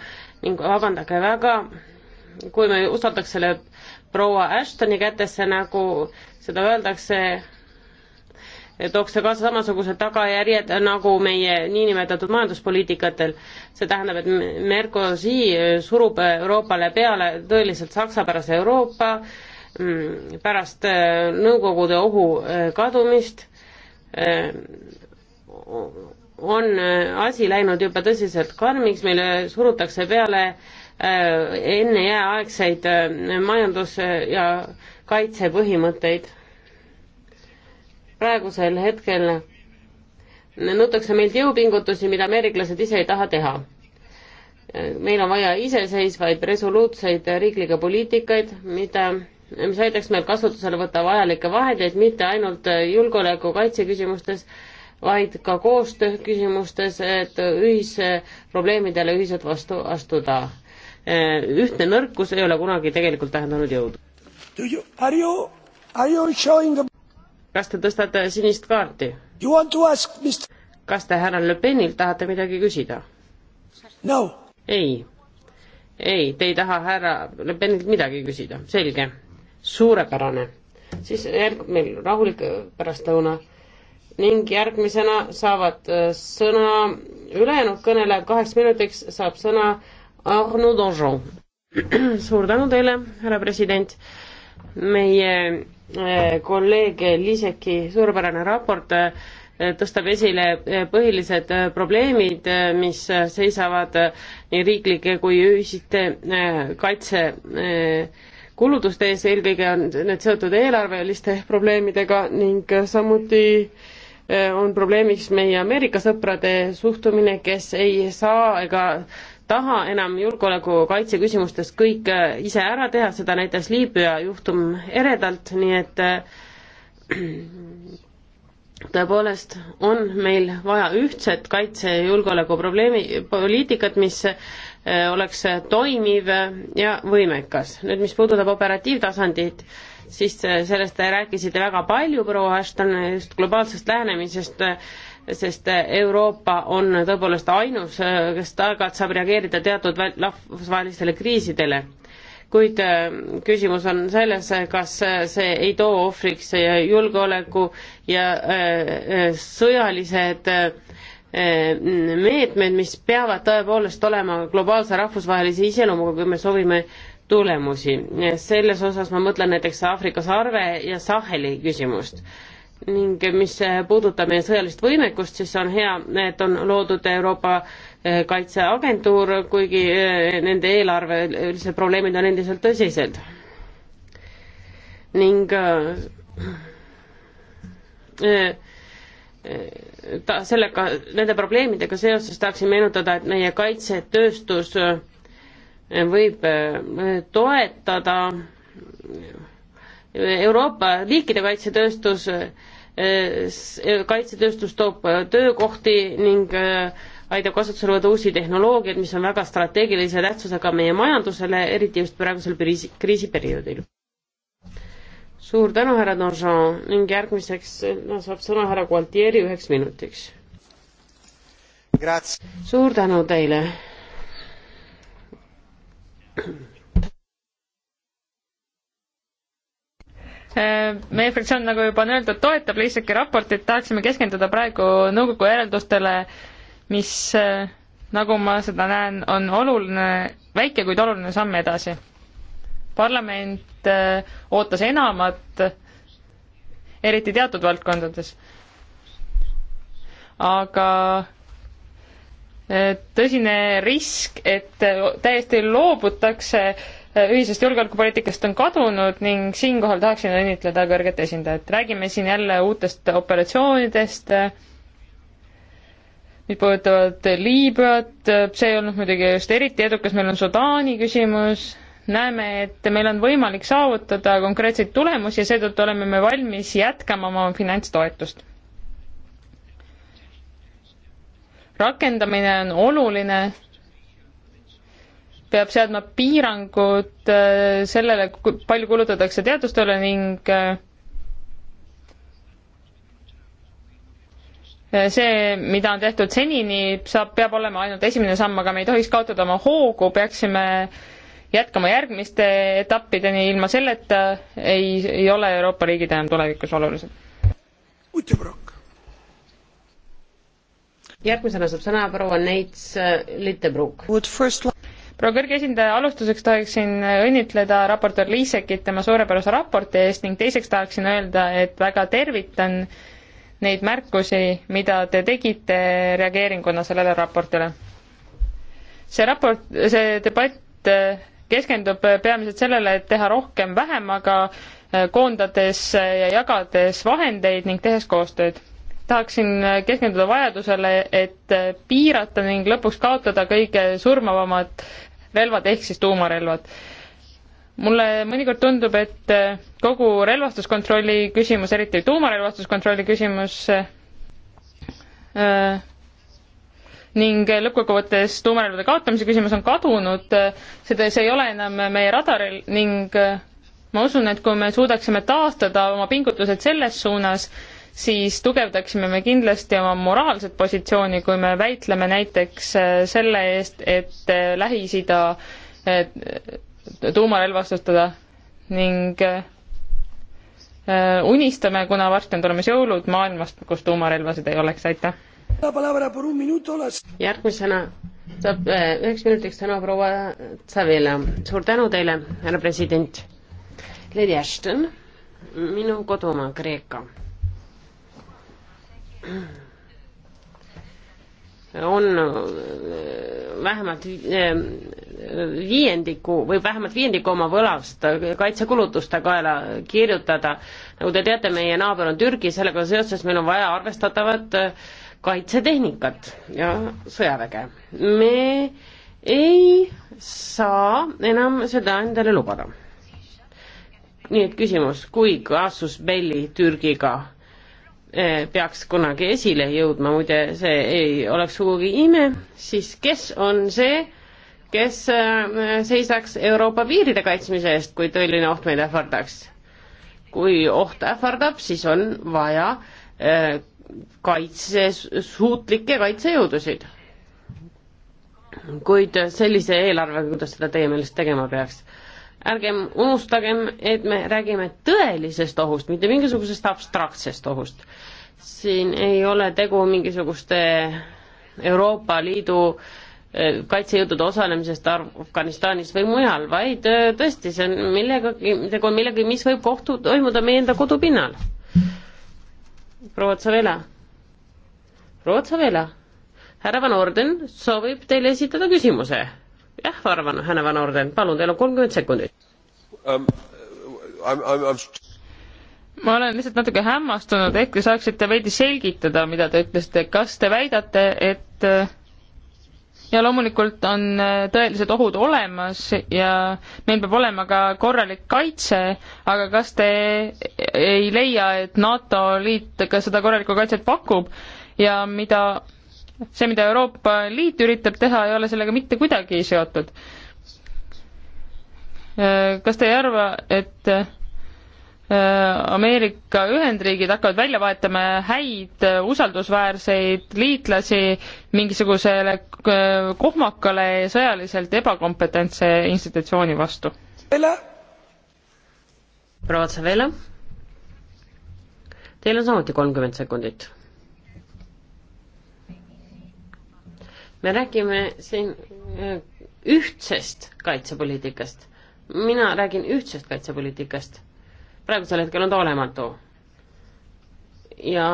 ning vabandage väga, kui me usaldaks selle proua Ashtoni kätesse, nagu seda öeldakse, tooks see kaasa samasugused tagajärjed nagu meie niinimetatud majanduspoliitikatel. see tähendab, et Mercosi surub Euroopale peale tõeliselt saksapärase Euroopa mm, pärast äh, Nõukogude ohu äh, kadumist äh, on asi läinud juba tõsiselt karmiks, meile surutakse peale enne jääaegseid majandus- ja kaitsepõhimõtteid praegusel hetkel nõutakse meilt jõupingutusi, mida ameeriklased ise ei taha teha. meil on vaja iseseisvaid resoluutseid riiklikke poliitikaid, mida, mis aitaks meil kasutusele võtta vajalikke vahendeid mitte ainult julgeoleku kaitse küsimustes, vaid ka koostöö küsimustes, et ühisprobleemidele ühiselt vastu astuda. ühtne nõrkus ei ole kunagi tegelikult tähendanud jõudu. Are you, are you showing the kas te tõstate sinist kaarti? kas te härra Le Penilt tahate midagi küsida no.? ei, ei, te ei taha härra Le Penilt midagi küsida, selge, suurepärane. siis järgub meil rahulik pärastlõuna ning järgmisena saavad äh, sõna ülejäänud kõnelejad kaheks minutiks saab sõna Arnaud Donjon. [clears throat] suur tänu teile, härra president. meie Eh, kolleeg Liiseki suurepärane raport eh, tõstab esile eh, põhilised probleemid, mis seisavad nii riiklike kui ühisite kaitse kulutuste ees, eelkõige on need seotud eelarveliste probleemidega ning samuti on probleemiks meie Ameerika sõprade suhtumine, kes ei saa ega taha enam julgeoleku kaitse küsimustes kõik äh, ise ära teha, seda näitas Liibüa juhtum eredalt, nii et äh, [clears throat] tõepoolest on meil vaja ühtset kaitse- ja julgeolekuprobleemi, poliitikat, mis äh, oleks toimiv ja võimekas. nüüd, mis puudutab operatiivtasandit, siis sellest te rääkisite väga palju, proua Ashton, just globaalsest lähenemisest sest Euroopa on tõepoolest ainus, kes targalt saab reageerida teatud rahvusvahelistele kriisidele. kuid äh, küsimus on selles, kas see ei too ohvriks julgeoleku ja äh, äh, sõjalised meetmed, mis peavad tõepoolest olema globaalse rahvusvahelise iseloomuga, kui me soovime tulemusi. selles osas ma mõtlen näiteks Aafrika sarve ja Saheli küsimust ning mis eh, puudutab meie sõjalist võimekust, siis on hea, et on loodud Euroopa eh, Kaitseagentuur, kuigi eh, nende eelarvelised probleemid on endiselt tõsised. ning ta sellega, nende probleemidega seoses tahaksin meenutada, et meie kaitsetööstus võib toetada Euroopa riikide kaitsetööstus, eh, kaitsetööstus toob töökohti ning eh, aitab kasutusele võtta uusi tehnoloogiaid, mis on väga strateegilise tähtsusega meie majandusele, eriti just praegusel kriisi, kriisiperioodil. suur tänu, härra Donjon ning järgmiseks no, saab sõna härra Gualtieri üheks minutiks. suur tänu teile. Äh, meie fraktsioon, nagu juba on öeldud, toetab Liisaki raportit, tahaksime keskenduda praegu nõukogu järeldustele, mis äh, nagu ma seda näen, on oluline, väike, kuid oluline samm edasi. parlament äh, ootas enamat, eriti teatud valdkondades. aga tõsine risk, et täiesti loobutakse ühisest julgeolekupoliitikast on kadunud ning siinkohal tahaksin õnnitleda kõrget esindajat. räägime siin jälle uutest operatsioonidest, mis puudutavad Liibüat, see ei olnud muidugi just eriti edukas, meil on Sudaani küsimus, näeme, et meil on võimalik saavutada konkreetseid tulemusi ja seetõttu oleme me valmis jätkama oma finantstoetust. rakendamine on oluline peab seadma piirangud äh, sellele, kui palju kulutatakse teadustööle ning äh, äh, see, mida on tehtud senini, saab, peab olema ainult esimene samm, aga me ei tohiks kaotada oma hoogu, peaksime jätkama järgmiste etappideni, ilma selleta ei, ei ole Euroopa riigid enam tulevikus olulised. järgmisena saab sõna proua Neits Littebruk proua kõrge esindaja, alustuseks tahaksin õnnitleda raportöör Liisekit tema suurepärase raporti eest ning teiseks tahaksin öelda, et väga tervitan neid märkusi, mida te tegite reageeringuna sellele raportile. see raport, see debatt äh, keskendub peamiselt sellele, et teha rohkem vähemaga, äh, koondades äh, ja jagades vahendeid ning tehes koostööd. tahaksin keskenduda vajadusele, et piirata ning lõpuks kaotada kõige surmavamad relvad ehk siis tuumarelvad. mulle mõnikord tundub, et äh, kogu relvastuskontrolli küsimus, eriti tuumarelvastuskontrolli küsimus äh, ning lõppkokkuvõttes tuumarelvade kaotamise küsimus on kadunud, seda, see ei ole enam meie radaril ning äh, ma usun, et kui me suudaksime taastada oma pingutused selles suunas, siis tugevdaksime me kindlasti oma moraalset positsiooni, kui me väitleme näiteks äh, selle eest, et äh, Lähis-Ida äh, tuumarelvastustada ning unistame, kuna varsti on tulemas jõulud maailmast, kus tuumarelvasid ei oleks, aitäh! järgmisena saab üheks minutiks sõna proua Tsavela. suur tänu teile, härra president! Lady Ashton, minu kodumaa Kreeka on äh, vähemalt äh, viiendiku, võib vähemalt viiendiku oma võlast kaitsekulutuste kaela kirjutada. nagu te teate, meie naaber on Türgi, sellega seoses meil on vaja arvestatavat äh, kaitsetehnikat ja sõjaväge. me ei saa enam seda endale lubada. nii et küsimus, kui kaasus Belli Türgiga Eh, peaks kunagi esile jõudma, muide see ei oleks sugugi ime, siis kes on see, kes eh, seisaks Euroopa piiride kaitsmise eest, kui tõeline oht meid ähvardaks? kui oht ähvardab, siis on vaja eh, kaitsesuutlikke kaitsejõudusid. kuid sellise eelarvega, kuidas seda teie meelest tegema peaks? ärgem unustagem, et me räägime tõelisest ohust, mitte mingisugusest abstraktsest ohust. siin ei ole tegu mingisuguste Euroopa Liidu eh, kaitsejõudude osalemisest Afganistanis või mujal, vaid eh, tõesti, see on millegagi, tegu on millegagi, mis võib kohtu, toimuda meie enda kodupinnal. proua Otsavela, proua Otsavela, härra Van Orden soovib teile esitada küsimuse jah, arvan, härra Van Orden, palun, teil on kolmkümmend sekundit um,. ma olen lihtsalt natuke hämmastunud, ehk te saaksite veidi selgitada, mida te ütlesite, kas te väidate, et äh, ja loomulikult on äh, tõelised ohud olemas ja meil peab olema ka korralik kaitse, aga kas te ei leia, et NATO liit ka seda korralikku kaitset pakub ja mida see, mida Euroopa Liit üritab teha, ei ole sellega mitte kuidagi seotud. kas te ei arva, et äh, Ameerika Ühendriigid hakkavad välja vahetama häid äh, usaldusväärseid liitlasi mingisugusele äh, kohmakale ja sõjaliselt ebakompetentse institutsiooni vastu? proua Tsavela, teil on samuti kolmkümmend sekundit me räägime siin äh, ühtsest kaitsepoliitikast. mina räägin ühtsest kaitsepoliitikast. praegusel hetkel on ta olematu. ja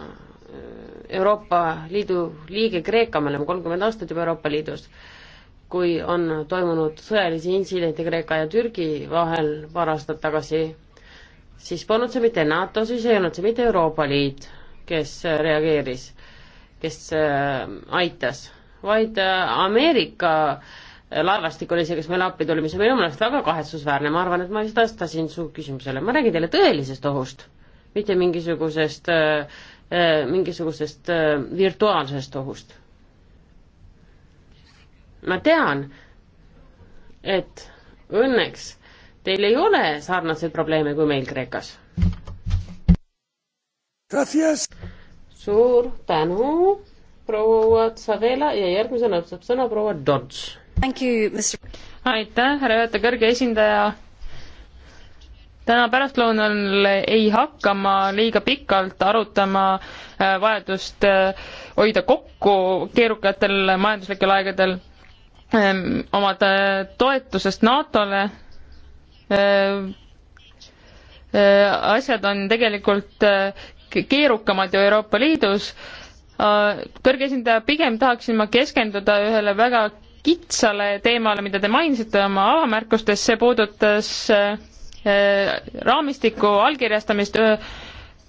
äh, Euroopa Liidu liige Kreeka, me oleme kolmkümmend aastat juba Euroopa Liidus, kui on toimunud sõjalisi intsidente Kreeka ja Türgi vahel paar aastat tagasi, siis polnud see mitte NATO, siis ei olnud see mitte Euroopa Liit, kes reageeris kes äh, aitas, vaid äh, Ameerika laevastik oli see, kes meile appi tuli, mis on minu meelest väga kahetsusväärne, ma arvan, et ma vist vastasin su küsimusele, ma räägin teile tõelisest ohust, mitte mingisugusest, äh, mingisugusest virtuaalsest ohust. ma tean, et õnneks teil ei ole sarnaseid probleeme kui meil Kreekas suur tänu, proua Tsavela ja järgmisena saab sõna proua Dodds. aitäh, härra juhataja, kõrge esindaja täna pärastlõunal ei hakka ma liiga pikalt arutama äh, vajadust äh, hoida kokku keerukatel majanduslikel aegadel ähm, oma äh, toetusest NATO-le. asjad on tegelikult keerukamad ju Euroopa Liidus. Äh, kõrge esindaja, pigem tahaksin ma keskenduda ühele väga kitsale teemale, mida te mainisite oma avamärkustes, see puudutas äh, äh, raamistiku allkirjastamist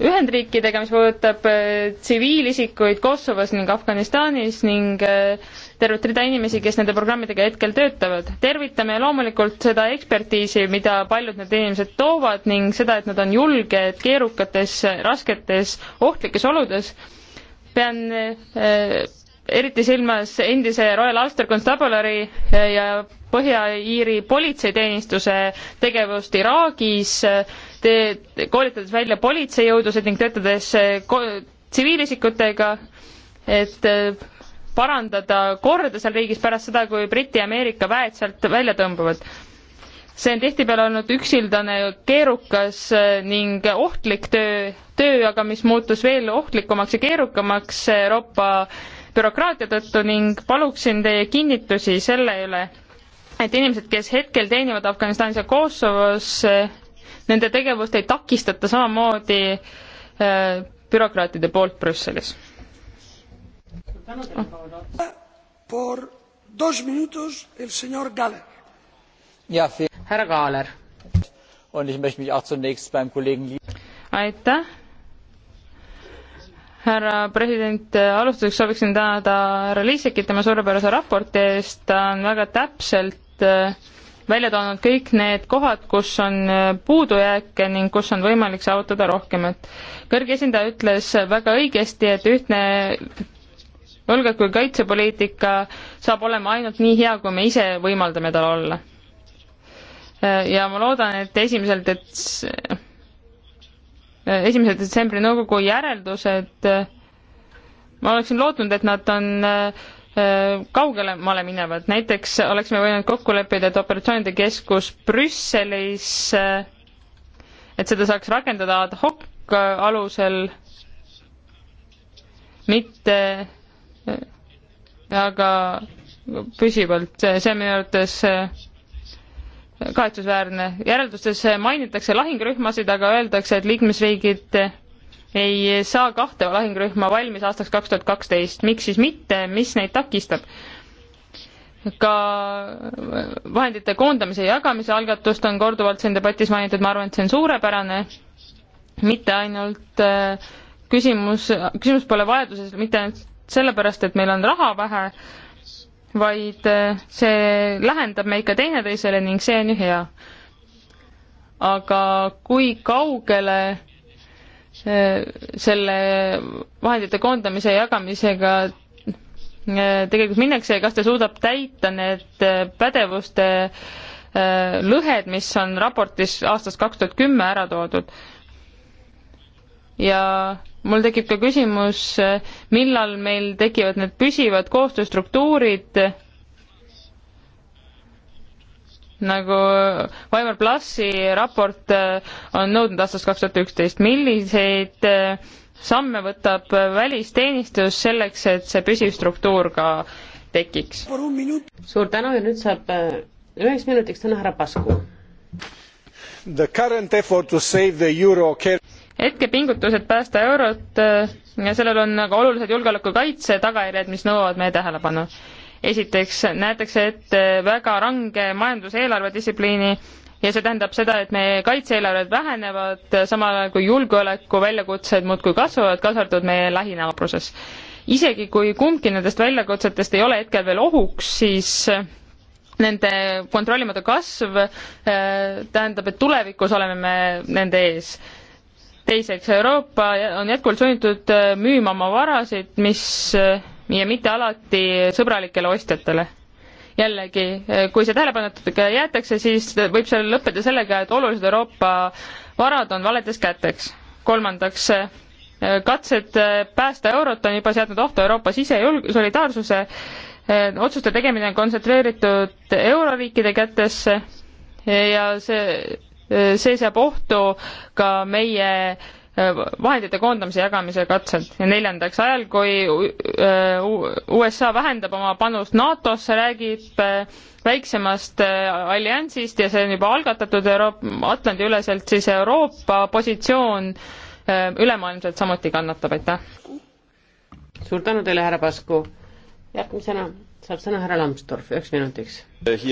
Ühendriikidega, mis puudutab äh, tsiviilisikuid Kosovos ning Afganistanis ning äh, tervet rida inimesi, kes nende programmidega hetkel töötavad. tervitame loomulikult seda ekspertiisi, mida paljud need inimesed toovad ning seda, et nad on julged keerukates, rasketes, ohtlikes oludes. pean äh, eriti silmas endise Royal Ulster Constabulary ja Põhja-Iiri politseiteenistuse tegevust Iraagis koolitades välja politseijõudusid ning töötades eh, tsiviilisikutega, et eh, parandada korda seal riigis pärast seda, kui Briti ja Ameerika väed sealt välja tõmbuvad. see on tihtipeale olnud üksildane, keerukas eh, ning ohtlik töö, töö aga, mis muutus veel ohtlikumaks ja keerukamaks Euroopa bürokraatia tõttu ning paluksin teie kinnitusi selle üle, et inimesed, kes hetkel teenivad Afganistanis ja Kosovos, nende tegevust ei takistata samamoodi äh, bürokraatide poolt Brüsselis. härra Kaaler. aitäh härra president, äh, alustuseks sooviksin tänada härra Liisekit tema suurepärase raporti eest, ta on väga täpselt äh, välja toonud kõik need kohad, kus on äh, puudujääke ning kus on võimalik saavutada rohkem, et kõrge esindaja ütles väga õigesti, et ühtne julgeoleku- ja kaitsepoliitika saab olema ainult nii hea, kui me ise võimaldame tal olla. Äh, ja ma loodan, et esimesel dets-, äh, esimese detsembri nõukogu järeldused ma oleksin lootnud, et nad on äh, Äh, kaugelemale minevad, näiteks oleksime võinud kokku leppida, et operatsioonide keskus Brüsselis, äh, et seda saaks rakendada ad hoc äh, alusel, mitte aga püsivalt, see on minu arvates kahetsusväärne. järeldustes mainitakse lahingurühmasid, aga öeldakse, et liikmesriigid ei saa kahte lahingurühma valmis aastaks kaks tuhat kaksteist, miks siis mitte, mis neid takistab? ka vahendite koondamise ja jagamise algatust on korduvalt siin debatis mainitud, ma arvan, et see on suurepärane, mitte ainult äh, küsimus, küsimus pole vajaduses mitte ainult sellepärast, et meil on raha vähe, vaid äh, see lähendab meid ka teineteisele ning see on ju hea. aga kui kaugele selle vahendite koondamise ja jagamisega äh, tegelikult minnakse ja kas ta suudab täita need äh, pädevuste äh, lõhed, mis on raportis aastast kaks tuhat kümme ära toodud. ja mul tekib ka küsimus, millal meil tekivad need püsivad koostööstruktuurid nagu Vaimar Plassi raport äh, on nõudnud aastast kaks tuhat üksteist, milliseid äh, samme võtab äh, välisteenistus selleks, et see püsiv struktuur ka tekiks? suur tänu ja nüüd saab üheks minutiks sõna härra Pasku. The current effort to save the euro hetkepingutused päästa eurot ja sellel on aga nagu olulised julgeolekukaitse tagajärjed, mis nõuavad meie tähelepanu esiteks näetakse ette väga range majandus- ja eelarvedistsipliini ja see tähendab seda, et meie kaitse-eelarved vähenevad, samal ajal kui julgeoleku väljakutsed muudkui kasvavad, kaasa arvatud meie lähinaabruses. isegi kui kumbki nendest väljakutsetest ei ole hetkel veel ohuks, siis nende kontrollimatu kasv äh, tähendab, et tulevikus oleme me nende ees. teiseks, Euroopa on jätkuvalt sunnitud äh, müüma oma varasid, mis äh, ja mitte alati sõbralikele ostjatele jällegi, kui see tähelepanutusega jäetakse, siis võib see lõppeda sellega, et olulised Euroopa varad on valedes käteks. kolmandaks, katsed päästa eurot on juba seadnud ohtu Euroopa sisejulg-, solidaarsuse, otsuste tegemine on kontsentreeritud euroriikide kätesse ja see, see seab ohtu ka meie vahendite koondamise jagamise katset ja neljandaks, ajal kui äh, USA vähendab oma panust NATO-sse, räägib äh, väiksemast äh, alliansist ja see on juba algatatud Euroop-, Atlandi-üleselt, siis Euroopa positsioon ülemaailmselt samuti kannatab, aitäh! suur tänu teile, härra Pasku! järgmisena saab sõna härra Lambsdorff üheks minutiks. Äh,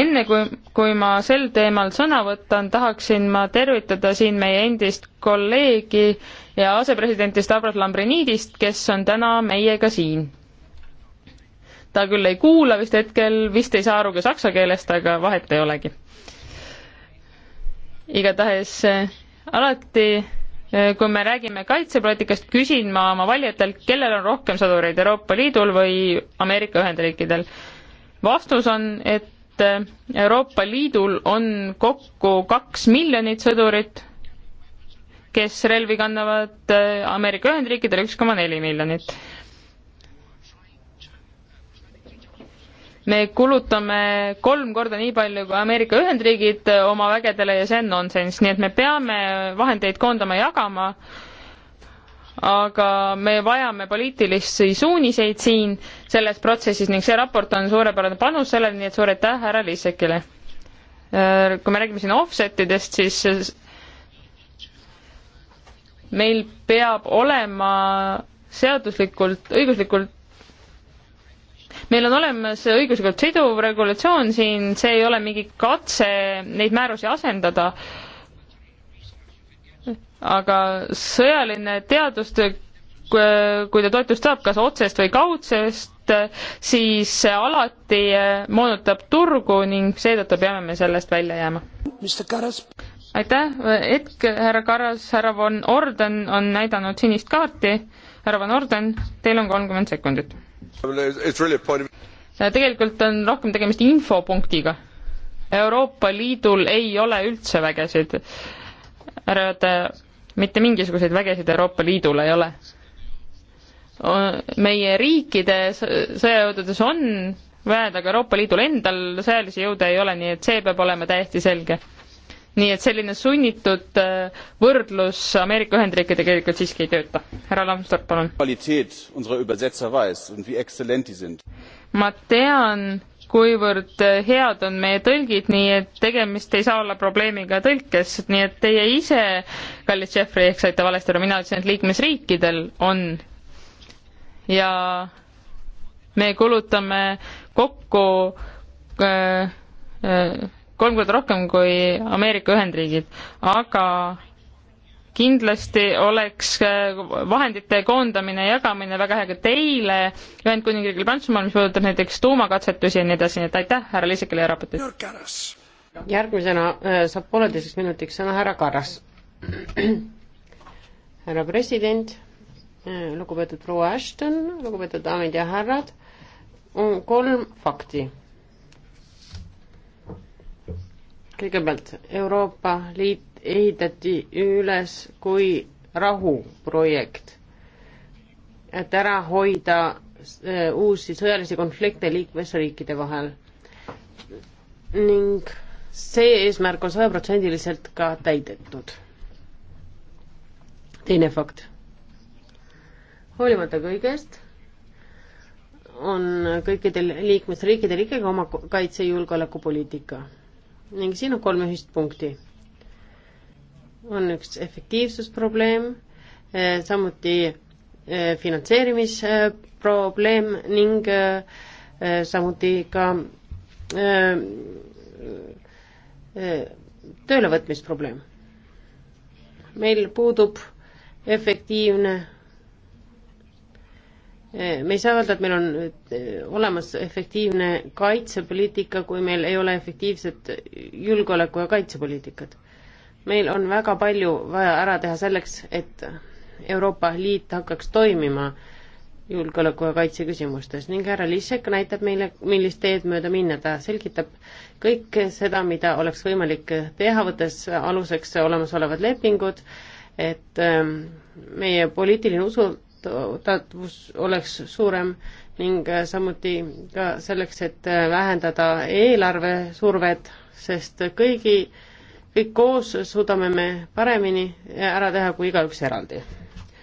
enne kui, kui ma sel teemal sõna võtan, tahaksin ma tervitada siin meie endist kolleegi ja asepresidenti Stavros Lambrinidist, kes on täna meiega siin. ta küll ei kuula vist hetkel, vist ei saa aru ka saksa keelest, aga vahet ei olegi. igatahes äh, alati Eh, kui me räägime kaitsepoliitikast, küsin ma oma valijatelt, kellel on rohkem sõdureid, Euroopa Liidul või Ameerika Ühendriikidel. vastus on, et eh, Euroopa Liidul on kokku kaks miljonit sõdurit, kes relvi kannavad eh, Ameerika Ühendriikidel üks koma neli miljonit me kulutame kolm korda nii palju kui Ameerika Ühendriigid oma vägedele ja see on nonsenss, nii et me peame vahendeid koondama ja jagama, aga me vajame poliitilisi suuniseid siin selles protsessis ning see raport on suurepärane panus sellele, nii et suur aitäh härra Liisekile. Äh, kui me räägime siin offset idest, siis meil peab olema seaduslikult, õiguslikult meil on olemas õiguslikult siduv regulatsioon siin, see ei ole mingi katse neid määrusi asendada, aga sõjaline teadustöö, kui ta toetust saab, kas otsest või kaudsest, siis see alati moonutab turgu ning seetõttu peame me sellest välja jääma. aitäh, hetk, härra Karas, härra von Orden on näidanud sinist kaarti, härra von Orden, teil on kolmkümmend sekundit tegelikult on rohkem tegemist infopunktiga. Euroopa Liidul ei ole üldse vägesid. härra juhataja, mitte mingisuguseid vägesid Euroopa Liidul ei ole. meie riikide sõjajõududes on väed, aga Euroopa Liidul endal sõjalisi jõude ei ole, nii et see peab olema täiesti selge nii et selline sunnitud äh, võrdlus Ameerika Ühendriikidega tegelikult siiski ei tööta. härra Lambsdorff, palun. ma tean, kuivõrd äh, head on meie tõlgid, nii et tegemist ei saa olla probleemiga tõlkes, nii et teie ise, kallis Jeffrey, ehk saite valesti aru, mina ütlesin, et liikmesriikidel on ja me kulutame kokku äh, äh, kolm korda rohkem kui Ameerika Ühendriigid, aga kindlasti oleks äh, vahendite koondamine, jagamine väga hea ka teile Ühendkuningriigil Prantsusmaal, mis puudutab näiteks tuumakatsetusi ja nii edasi, nii et aitäh härra Liisekile ja raportis. järgmisena äh, saab pooleteiseks minutiks sõna härra Karas. [clears throat] härra president, äh, lugupeetud proua Ashton, lugupeetud daamid ja härrad, kolm fakti kõigepealt Euroopa Liit ehitati üles kui rahuprojekt, et ära hoida äh, uusi sõjalisi konflikte liikmesriikide vahel. ning see eesmärk on sajaprotsendiliselt ka täidetud. teine fakt. hoolimata kõigest on kõikidel liikmesriikidel ikkagi oma kaitse- ja julgeolekupoliitika ning siin on kolm ühist punkti. on üks efektiivsusprobleem, eh, samuti eh, finantseerimisprobleem ning eh, samuti ka töölevõtmisprobleem. meil puudub efektiivne Eh, me ei saa öelda, et meil on eh, olemas efektiivne kaitsepoliitika, kui meil ei ole efektiivset julgeoleku- ja kaitsepoliitikat. meil on väga palju vaja ära teha selleks, et Euroopa Liit hakkaks toimima julgeoleku ja kaitse küsimustes ning härra Lišek näitab meile, millist teed mööda minna, ta selgitab kõike seda, mida oleks võimalik teha, võttes aluseks olemasolevad lepingud, et eh, meie poliitiline usu kasutatavus oleks suurem ning äh, samuti ka selleks, et äh, vähendada eelarve survet, sest kõigi, kõik koos suudame me paremini äh, ära teha kui igaüks eraldi.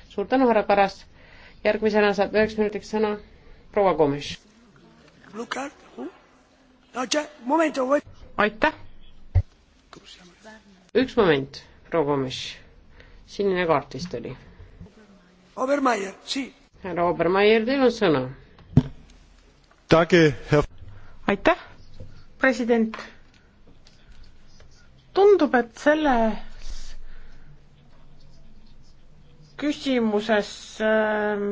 suur tänu, härra Karas, järgmisena saab üheks minutiks sõna proua Komes. Oh, aitäh! üks moment, proua Komes, sinine kaart vist oli Obermeier, sii. härra Obermeier, teil on sõna. aitäh, president. tundub, et selles küsimuses äh,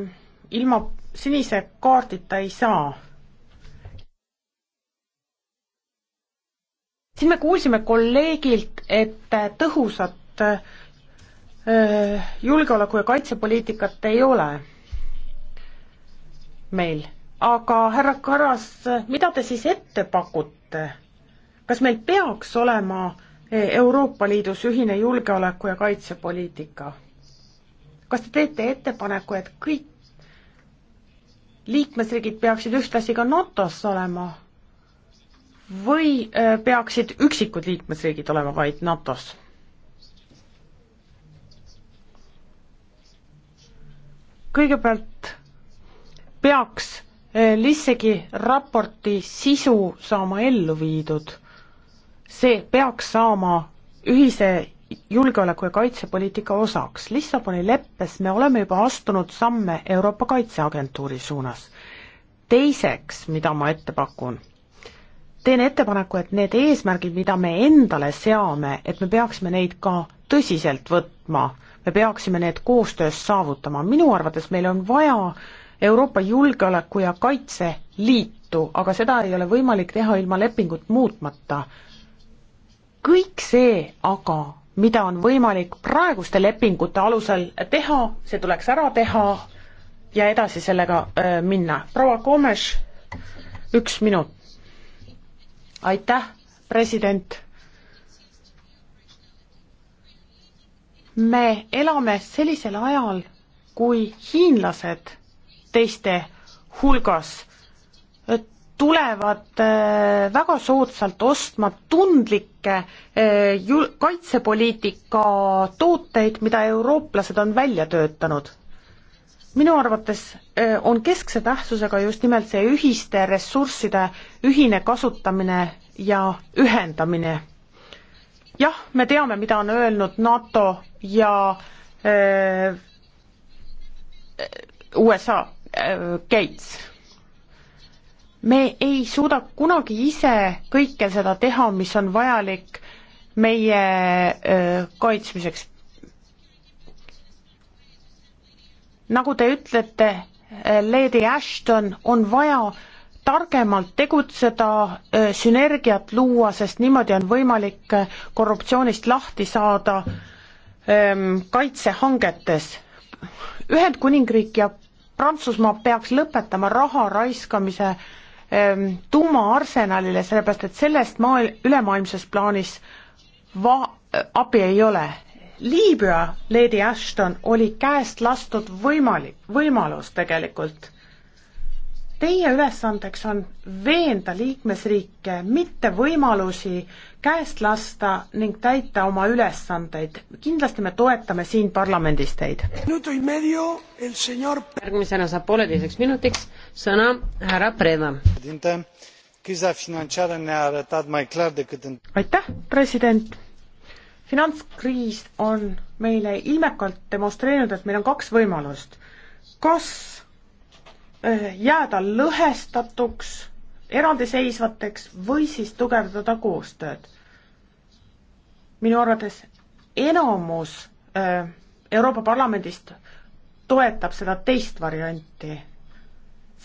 ilma sinise kaardita ei saa siin me kuulsime kolleegilt, et tõhusat äh, Äh, julgeoleku- ja kaitsepoliitikat ei ole meil, aga härra Karas, mida te siis ette pakute? kas meil peaks olema äh, Euroopa Liidus ühine julgeoleku- ja kaitsepoliitika? kas te teete ettepaneku, et kõik liikmesriigid peaksid ühtlasi ka NATO-s olema või äh, peaksid üksikud liikmesriigid olema vaid NATO-s? kõigepealt peaks eh, Lissegi raporti sisu saama ellu viidud. see peaks saama ühise julgeoleku- ja kaitsepoliitika osaks. Lissaboni leppes me oleme juba astunud samme Euroopa Kaitseagentuuri suunas. teiseks, mida ma ette pakun, teen ettepaneku, et need eesmärgid, mida me endale seame, et me peaksime neid ka tõsiselt võtma me peaksime need koostöös saavutama, minu arvates meil on vaja Euroopa Julgeoleku- ja Kaitseliitu, aga seda ei ole võimalik teha ilma lepingut muutmata. kõik see aga, mida on võimalik praeguste lepingute alusel teha, see tuleks ära teha ja edasi sellega äh, minna. proua Komes, üks minut. aitäh, president me elame sellisel ajal, kui hiinlased teiste hulgas eh, tulevad eh, väga soodsalt ostma tundlikke eh, kaitsepoliitika tooteid, mida eurooplased on välja töötanud. minu arvates on keskse tähtsusega just nimelt see ühiste ressursside ühine kasutamine ja ühendamine jah, me teame, mida on öelnud NATO ja äh, USA äh, Gates. me ei suuda kunagi ise kõike seda teha, mis on vajalik meie äh, kaitsmiseks. nagu te ütlete, äh, Lady Ashton on vaja äh, targemalt tegutseda, sünergiat luua, sest niimoodi on võimalik korruptsioonist lahti saada kaitsehangetes. Ühendkuningriik ja Prantsusmaa peaks lõpetama raha raiskamise tuumaarsenalile, sellepärast et sellest maail-, ülemaailmses plaanis va-, abi ei ole. Liibüa, Lady Ashton, oli käest lastud võimalik, võimalus tegelikult Teie ülesandeks on veenda liikmesriike mitte võimalusi käest lasta ning täita oma ülesandeid. kindlasti me toetame siin parlamendis teid. järgmisena saab pooleteiseks minutiks sõna härra Preda. aitäh, president finantskriis on meile ilmekalt demonstreerinud, et meil on kaks võimalust. kas Äh, jääda lõhestatuks, eraldiseisvateks või siis tugevdada koostööd. minu arvates enamus äh, Euroopa Parlamendist toetab seda teist varianti,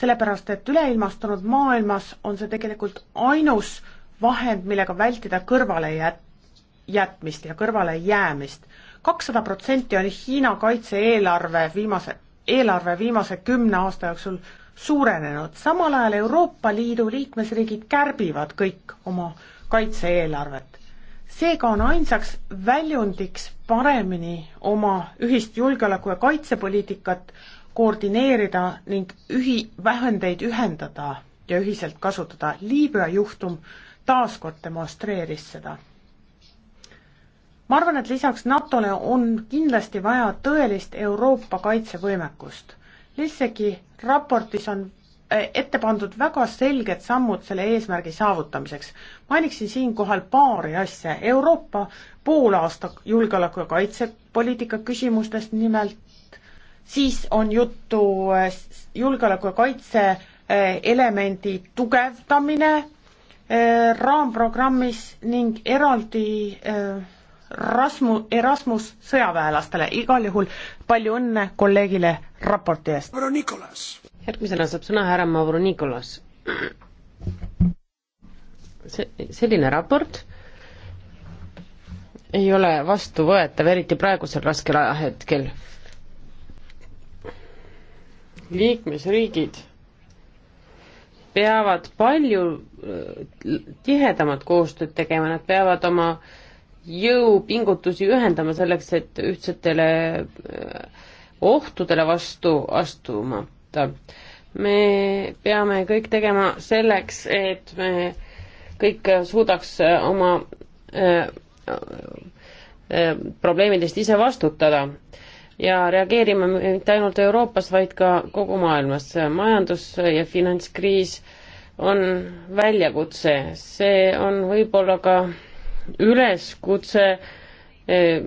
sellepärast et üleilmastunud maailmas on see tegelikult ainus vahend, millega vältida kõrvale jät-, jätmist ja kõrvale jäämist. kakssada protsenti on Hiina kaitse-eelarve viimase eelarve viimase kümne aasta jooksul suurenenud, samal ajal Euroopa Liidu liikmesriigid kärbivad kõik oma kaitse-eelarvet. seega on ainsaks väljundiks paremini oma ühist julgeoleku- ja kaitsepoliitikat koordineerida ning ühi-, vahendeid ühendada ja ühiselt kasutada. Liibüa juhtum taaskord demonstreeris seda ma arvan, et lisaks NATO-le on kindlasti vaja tõelist Euroopa kaitsevõimekust. Lissegi raportis on eh, ette pandud väga selged sammud selle eesmärgi saavutamiseks. mainiksin siinkohal paari asja. Euroopa poolaasta julgeoleku- ja kaitsepoliitika küsimustest nimelt, siis on juttu eh, julgeoleku- ja kaitseelemendi eh, tugevdamine raamprogrammis ning eraldi äh, Rasmu, Erasmus sõjaväelastele, igal juhul palju õnne kolleegile raporti eest. järgmisena saab sõna härra Mavro Nikolas. see, selline raport ei ole vastuvõetav, eriti praegusel raskel ajahetkel. liikmesriigid peavad palju äh, tihedamat koostööd tegema, nad peavad oma äh, jõupingutusi ühendama selleks, et ühtsetele äh, ohtudele vastu astumata. me peame kõik tegema selleks, et me kõik suudaks oma äh, äh, probleemidest ise vastutada ja reageerima mitte ainult Euroopas, vaid ka kogu maailmas. majandus- ja finantskriis on väljakutse, see on võib-olla ka üleskutse eh,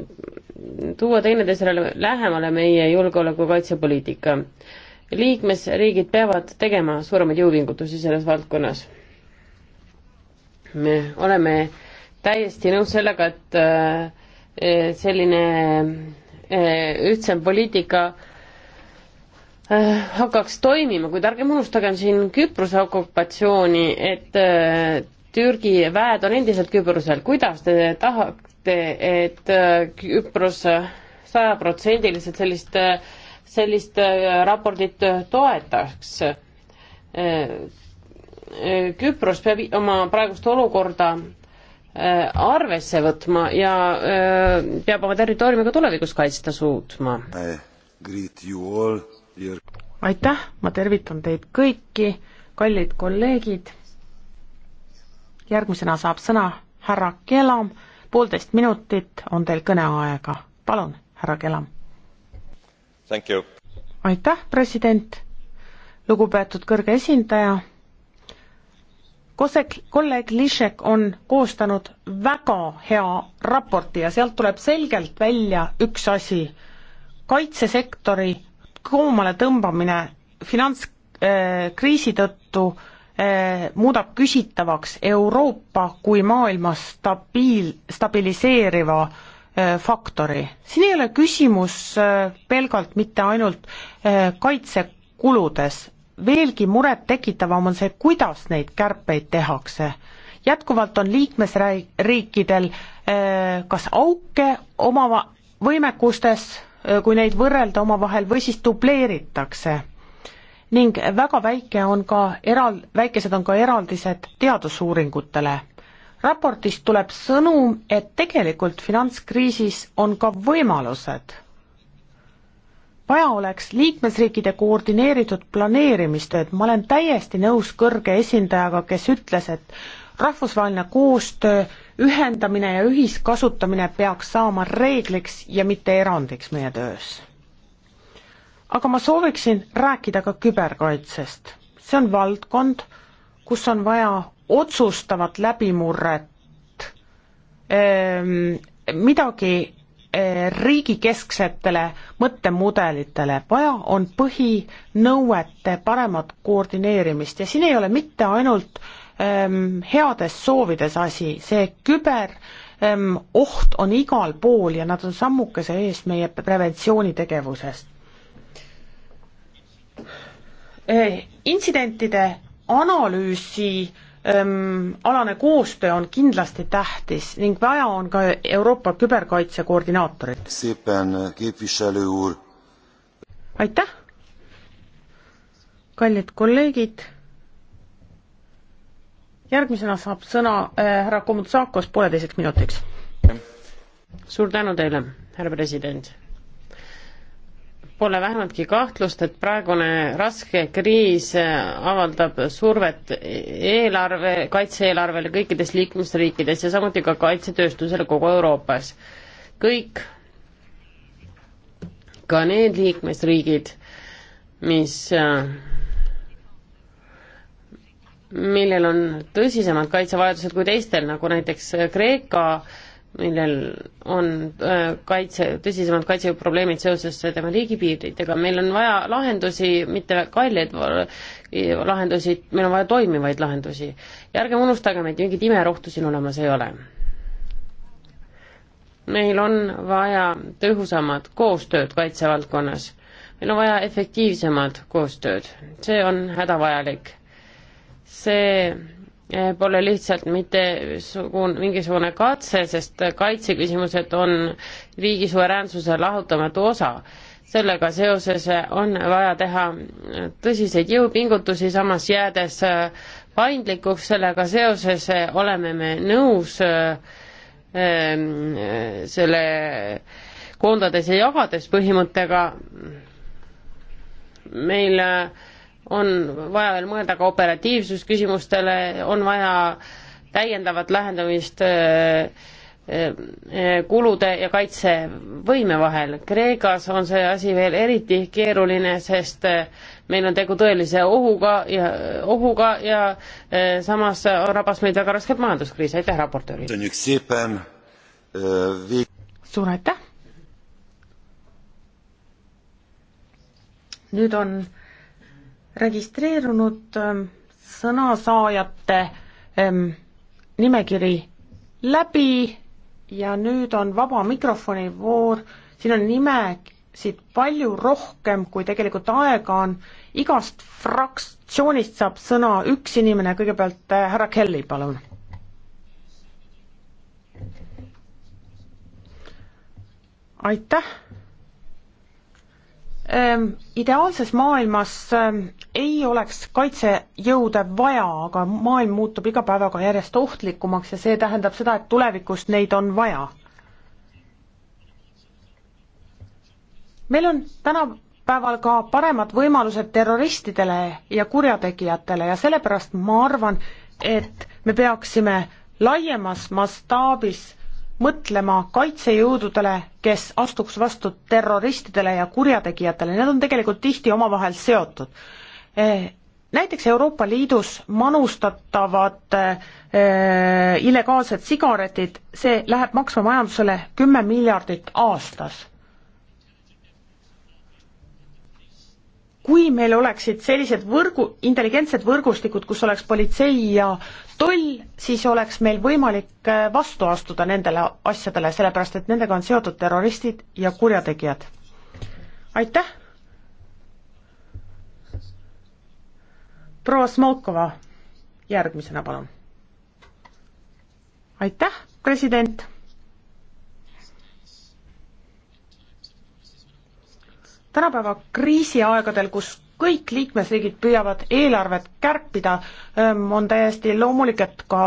tuua teineteisele lähemale meie julgeoleku kaitsepoliitika. liikmesriigid peavad tegema suuremaid jõupingutusi selles valdkonnas. me oleme täiesti nõus sellega, et eh, selline eh, ühtsem poliitika hakkaks toimima, kuid ärgem unustagem siin Küprose okupatsiooni, et Türgi väed on endiselt Küprosel, kuidas te tahate, et äh, Küpros sajaprotsendiliselt sellist, äh, sellist äh, raportit toetaks? Küpros peab oma praegust olukorda arvesse võtma ja peab oma territooriumi ka tulevikus kaitsta suutma. aitäh, ma tervitan teid kõiki, kallid kolleegid järgmisena saab sõna härra Kelam, poolteist minutit on teil kõneaega, palun, härra Kelam. aitäh, president, lugupeetud kõrge esindaja, Kosek, kolleeg Lišek on koostanud väga hea raporti ja sealt tuleb selgelt välja üks asi, kaitsesektori koomale tõmbamine finantskriisi tõttu äh, Eh, muudab küsitavaks Euroopa kui maailma stabiil, stabiliseeriva eh, faktori. siin ei ole küsimus eh, pelgalt mitte ainult kaitsekuludes, veelgi murettekitavam on see, kuidas neid kärpeid tehakse. jätkuvalt on liikmesriikidel kas auke oma võimekustes, kui neid võrrelda omavahel, või siis dubleeritakse ning väga väike on ka eral-, väikesed on ka eraldised teadusuuringutele. raportist tuleb sõnum, et tegelikult finantskriisis on ka võimalused. vaja oleks liikmesriikide koordineeritud planeerimistööd, ma olen täiesti nõus kõrge esindajaga, kes ütles, et rahvusvaheline koostöö, ühendamine ja ühiskasutamine peaks saama reegliks ja mitte erandiks meie töös aga ma sooviksin rääkida ka küberkaitsest. see on valdkond, kus on vaja otsustavat läbimurret, ehm, midagi eh, riigikesksetele mõttemudelitele, vaja on põhinõuete paremat koordineerimist ja siin ei ole mitte ainult ähm, heades soovides asi, see küber ähm, oht on igal pool ja nad on sammukese ees meie preventsioonitegevusest Äh, intsidentide analüüsi ähm, alane koostöö on kindlasti tähtis ning vaja on ka Euroopa küberkaitse koordinaatorit. Äh, aitäh, kallid kolleegid. järgmisena saab sõna äh, härra äh, Komutsakos pooleteiseks minutiks. suur tänu teile, härra president Pole vähematki kahtlust, et praegune raske kriis avaldab survet eelarve, kaitse-eelarvele kõikides liikmesriikides ja samuti ka kaitsetööstusele kogu Euroopas. kõik, ka need liikmesriigid, mis millel on tõsisemad kaitsevajadused kui teistel, nagu näiteks Kreeka äh, millel on äh, kaitse, tõsisemad kaitseprobleemid seoses tema riigipiiridega, meil on vaja lahendusi, mitte kalleid lahendusi, meil on vaja toimivaid lahendusi. ja ärgem unustagem, et mingit imerohtu siin olemas ei ole. meil on vaja tõhusamat koostööd kaitsevaldkonnas, meil on vaja efektiivsemat koostööd, see on hädavajalik. see Eh, pole lihtsalt mitte sugun, mingisugune katse, sest kaitseküsimused on riigi suveräänsuse lahutamatu osa. sellega seoses on vaja teha tõsiseid jõupingutusi, samas jäädes eh, paindlikuks, sellega seoses eh, oleme me nõus selle koondades ja jagades põhimõttega meil äh, on vaja veel mõelda ka operatiivsusküsimustele, on vaja täiendavat lähendamist äh, äh, äh, kulude ja kaitsevõime vahel. Kreekas on see asi veel eriti keeruline, sest meil on tegu tõelise ohuga ja, ohuga ja samas rabas meid väga raskelt majanduskriis, aitäh raportöörile! suur aitäh! nüüd on registreerunud ähm, sõnasaajate ähm, nimekiri läbi ja nüüd on vaba mikrofoni voor, siin on nimesid palju rohkem, kui tegelikult aega on, igast fraktsioonist saab sõna üks inimene, kõigepealt äh, härra Kelly, palun aitäh Ehm, ideaalses maailmas ehm, ei oleks kaitsejõude vaja, aga maailm muutub iga päevaga järjest ohtlikumaks ja see tähendab seda, et tulevikus neid on vaja. meil on tänapäeval ka paremad võimalused terroristidele ja kurjategijatele ja sellepärast ma arvan, et me peaksime laiemas mastaabis mõtlema kaitsejõududele, kes astuks vastu terroristidele ja kurjategijatele, need on tegelikult tihti omavahel seotud. Eh, näiteks Euroopa Liidus manustatavad äh, illegaalsed sigaretid, see läheb maksma majandusele kümme miljardit aastas kui meil oleksid sellised võrgu, intelligentsed võrgustikud, kus oleks politsei ja toll, siis oleks meil võimalik äh, vastu astuda nendele asjadele, sellepärast et nendega on seotud terroristid ja kurjategijad. aitäh! proua Smolkova järgmisena, palun. aitäh, president tänapäeva kriisiaegadel, kus kõik liikmesriigid püüavad eelarvet kärpida, ähm, on täiesti loomulik, et ka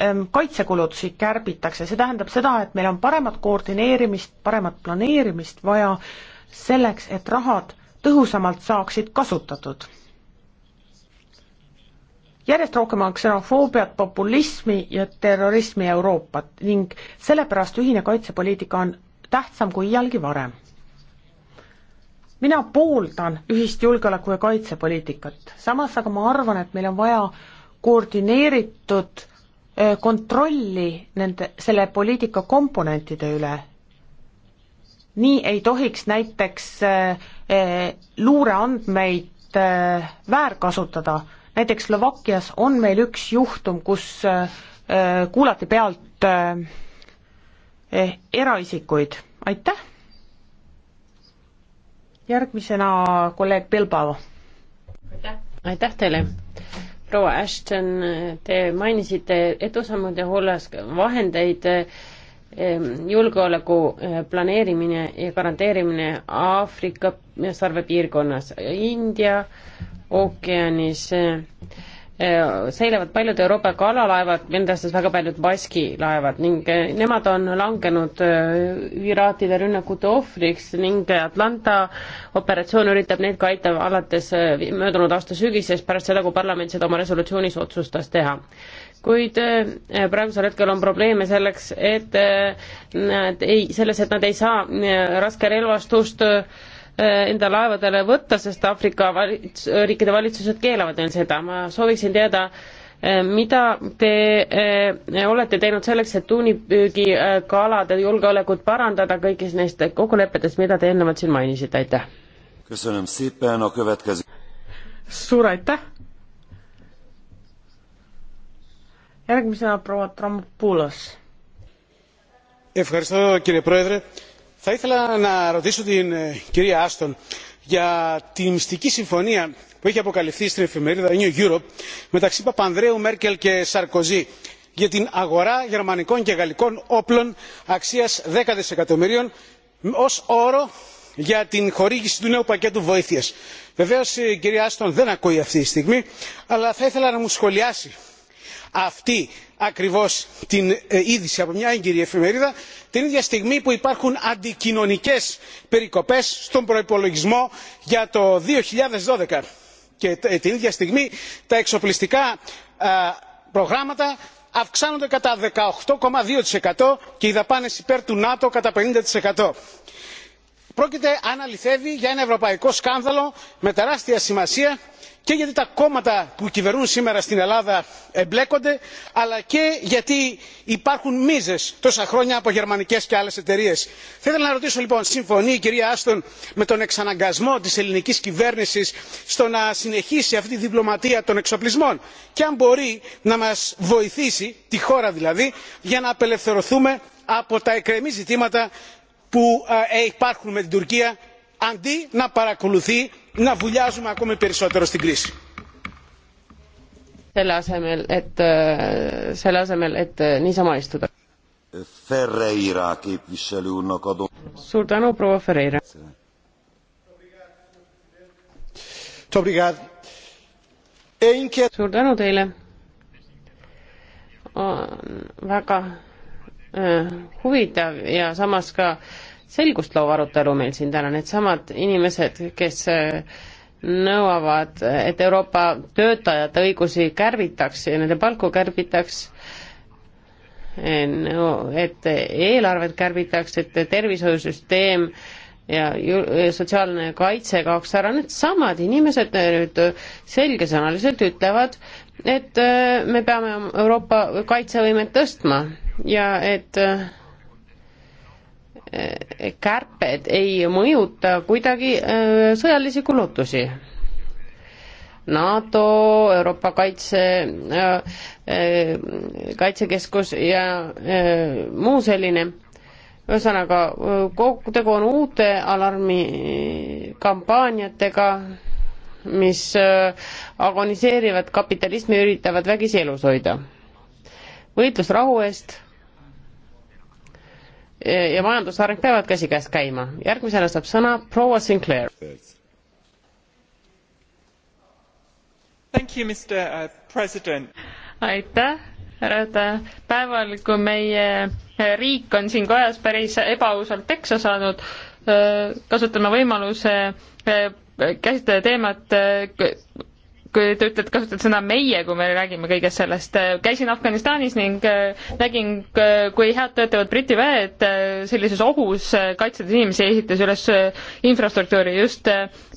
ähm, kaitsekulutusi kärbitakse, see tähendab seda, et meil on paremat koordineerimist, paremat planeerimist vaja selleks, et rahad tõhusamalt saaksid kasutatud. järjest rohkem on ksenofoobiat, populismi ja terrorismi Euroopat ning sellepärast ühine kaitsepoliitika on tähtsam kui iialgi varem mina pooldan ühist julgeoleku- ja kaitsepoliitikat, samas aga ma arvan, et meil on vaja koordineeritud kontrolli nende, selle poliitika komponentide üle. nii ei tohiks näiteks äh, luureandmeid äh, väärkasutada, näiteks Slovakkias on meil üks juhtum, kus äh, kuulati pealt eraisikuid, aitäh! järgmisena kolleeg Bilbao. aitäh teile. proua Ashton, te mainisite edusammude hulgas vahendeid ehm, julgeoleku eh, planeerimine ja garanteerimine Aafrika sarvepiirkonnas, India ookeanis äh, Äh, seilavad paljud Euroopa kalalaevad, nende seas väga paljud Baski laevad ning äh, nemad on langenud viraatide äh, rünnakute ohvriks ning Atlanta operatsioon üritab neid ka aita alates möödunud aasta sügisest, pärast seda, kui parlament seda oma resolutsioonis otsustas teha. kuid praegusel hetkel on probleeme selleks, et nad ei, selles, et nad ei saa raske relvastust Äh, enda laevadele võtta, sest Aafrika valits-, riikide valitsused keelavad neil seda. ma sooviksin teada, äh, mida te äh, olete teinud selleks, et tuunipüügikalade julgeolekut parandada kõigis neist kokkulepetest, mida te ennemalt siin mainisite, aitäh! suur aitäh! järgmisena proua Trampulos θα ήθελα να ρωτήσω την κυρία ashton για τη μυστική συμφωνία που έχει αποκαλυφθεί στην εφημερίδα new europe μεταξύ παπανδρέου μέρκελ και σαρκοζή για την αγορά γερμανικών και γαλλικών όπλων αξίας δέκα δισεκατομμυρίων ως όρο για την χορήγηση του νέου πακέτου βοήθειας. βεβαίως η κυρία ashton δεν ακούει αυτή τη στιγμή αλλά θα ήθελα να μου σχολιάσει αυτή ακριβώς την είδηση από μια έγκυρη εφημερίδα την ίδια στιγμή που υπάρχουν αντικοινωνικές περικοπές στον προϋπολογισμό για το 2012 και την ίδια στιγμή τα εξοπλιστικά προγράμματα αυξάνονται κατά 18,2% και οι δαπάνες υπέρ του νατο κατά. 50%. πρόκειται αν αληθεύει για ένα ευρωπαϊκό σκάνδαλο με τεράστια σημασία και γιατί τα κόμματα που κυβερνούν σήμερα στην ελλάδα εμπλέκονται αλλά και γιατί υπάρχουν μίζες τόσα χρόνια από γερμανικές και άλλες εταιρείες. θα ήθελα να ρωτήσω λοιπόν συμφωνεί η κυρία άστον με τον εξαναγκασμό της ελληνικής κυβέρνησης στο να συνεχίσει αυτή τη διπλωματία των εξοπλισμών και αν μπορεί να μας βοηθήσει τη χώρα δηλαδή για να απελευθερωθούμε από τα εκρεμή ζητήματα που υπάρχουν με την τουρκία αντί να παρακολουθεί να βουλιάζουμε ακόμη περισσότερο στην κρίση. Selle asemel, et, selle asemel, et niisama istuda. Ferreira képviselő úrnak adom. Suur tänu, proua Ferreira. suur tänu teile. on väga huvitav ja samas ka äh, selgust loov arutelu meil siin täna, needsamad inimesed, kes äh, nõuavad, et Euroopa töötajate õigusi kärbitaks ja nende palku kärbitaks, äh, et eelarvet kärbitaks, et tervishoiusüsteem ja sotsiaalne kaitse kaoks ära, needsamad inimesed nüüd selgesõnaliselt ütlevad, et äh, me peame Euroopa kaitsevõimet tõstma ja et äh, kärped ei mõjuta kuidagi äh, sõjalisi kulutusi. NATO, Euroopa Kaitse, äh, äh, Kaitsekeskus ja muu selline. ühesõnaga, kogu tegu on uute alarmikampaaniatega, mis agoniseerivad kapitalismi, üritavad vägisi elus hoida. võitlus rahu eest ja majandusareng peavad käsikäes käima. järgmisena saab sõna proua Sinclair. Uh, aitäh, härra juhataja. päeval, kui meie äh, riik on siin kojas päris ebaausalt peksa saanud, äh, kasutame võimaluse äh, käsitleda teemat kui te ütlete, kasutate sõna meie, kui me räägime kõigest sellest. käisin Afganistanis ning äh, nägin, äh, kui head töötavad Briti väed äh, sellises ohus, kaitsedes inimesi, ehitas üles infrastruktuuri. just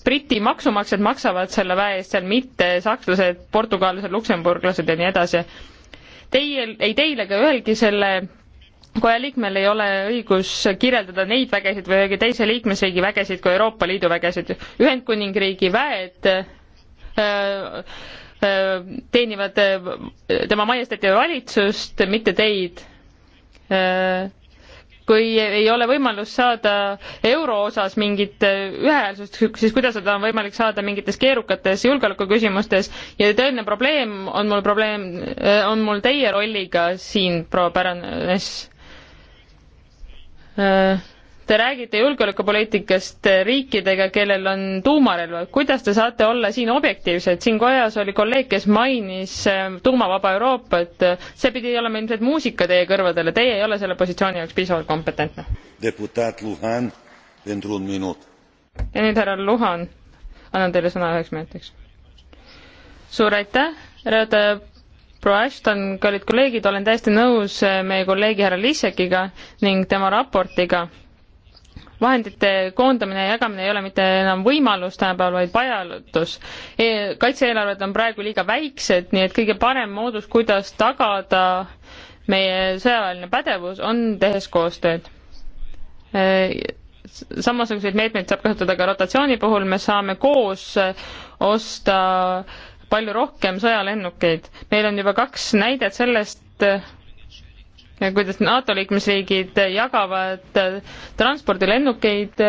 Briti maksumaksjad maksavad selle väe eest seal, mitte sakslased, portugallased, luksemburglased ja nii edasi. Teil, ei teil ega ühelgi selle koja liikmel ei ole õigus kirjeldada neid vägesid või ühegi teise liikmesriigi vägesid kui Euroopa Liidu vägesid. Ühendkuningriigi väed Äh, äh, teenivad äh, tema majestati valitsust, mitte teid. kui ei ole võimalus saada euro osas mingit ühehäälsust, siis kuidas seda on võimalik saada mingites keerukates julgeolekuküsimustes ja tõeline probleem on mul probleem, on mul teie rolliga siin, proua Päranes Te räägite julgeolekupoliitikast riikidega, kellel on tuumarelvad. kuidas te saate olla siin objektiivsed? siin kojas oli kolleeg, kes mainis ähm, tuumavaba Euroopat. see pidi olema ilmselt muusika teie kõrvadele. Teie ei ole selle positsiooni jaoks piisavalt kompetentne. deputaat Luhan, pentru un minut. ja nüüd härra Luhan, annan teile sõna üheks minutiks. suur aitäh, härra proua Ashton, kallid kolleegid, olen täiesti nõus äh, meie kolleegi härra Lissekiga ning tema raportiga vahendite koondamine ja jagamine ei ole mitte enam võimalus tänapäeval, vaid vajadutus e. kaitse-eelarved on praegu liiga väiksed, nii et kõige parem moodus, kuidas tagada meie sõjaväeline pädevus, on tehes koostööd e. samasuguseid meetmeid saab kasutada ka rotatsiooni puhul, me saame koos osta palju rohkem sõjalennukeid. meil on juba kaks näidet sellest, kuidas NATO liikmesriigid jagavad äh, transpordilennukeid.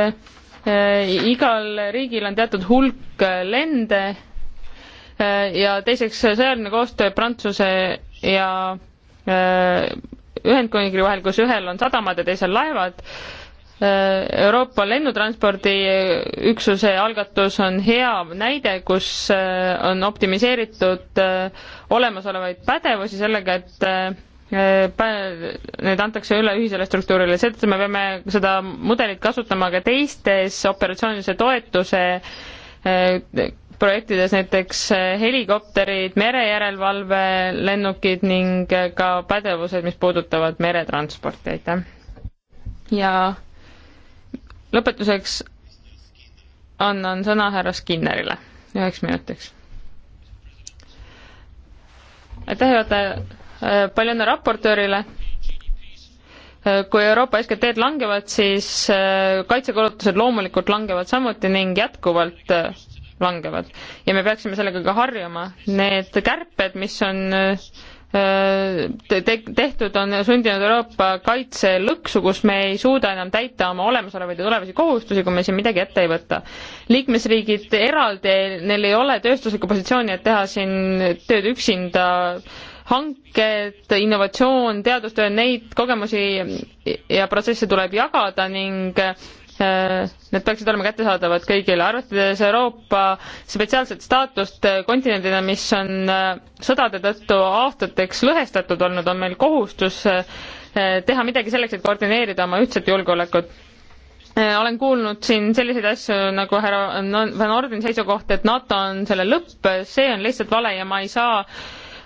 Äh, igal riigil on teatud hulk äh, lende ja teiseks sõjaline koostöö Prantsuse ja Ühendkuningriigi vahel, kus ühel on sadamad ja teisel laevad. Euroopa lennutranspordiüksuse algatus on hea näide, kus on optimiseeritud olemasolevaid pädevusi sellega, et need antakse üle ühisele struktuurile, seetõttu me peame seda mudelit kasutama ka teistes operatsioonilise toetuse e, projektides, näiteks e, helikopterid, merejärelevalve, lennukid ning ka pädevused, mis puudutavad meretransporti, aitäh. ja lõpetuseks annan sõna härra Skinnerile üheks minutiks. aitäh, juhataja Äh, palju õnne raportöörile. Äh, kui Euroopa SKT-d langevad, siis äh, kaitsekulutused loomulikult langevad samuti ning jätkuvalt langevad ja me peaksime sellega ka harjuma. Need kärped, mis on te-, tehtud, on sundinud Euroopa kaitselõksu, kus me ei suuda enam täita oma olemasolevaid ja tulevasi kohustusi, kui me siin midagi ette ei võta. liikmesriigid eraldi, neil ei ole tööstuslikku positsiooni, et teha siin tööd üksinda hanked, innovatsioon, teadustöö, neid kogemusi ja protsesse tuleb jagada ning äh, Need peaksid olema kättesaadavad kõigile, arvestades Euroopa spetsiaalset staatust kontinendina, mis on äh, sõdade tõttu aastateks lõhestatud olnud, on meil kohustus äh, teha midagi selleks, et koordineerida oma ühtset julgeolekut olen kuulnud siin selliseid asju nagu härra Van Ordeni seisukoht, et NATO on selle lõpp, see on lihtsalt vale ja ma ei saa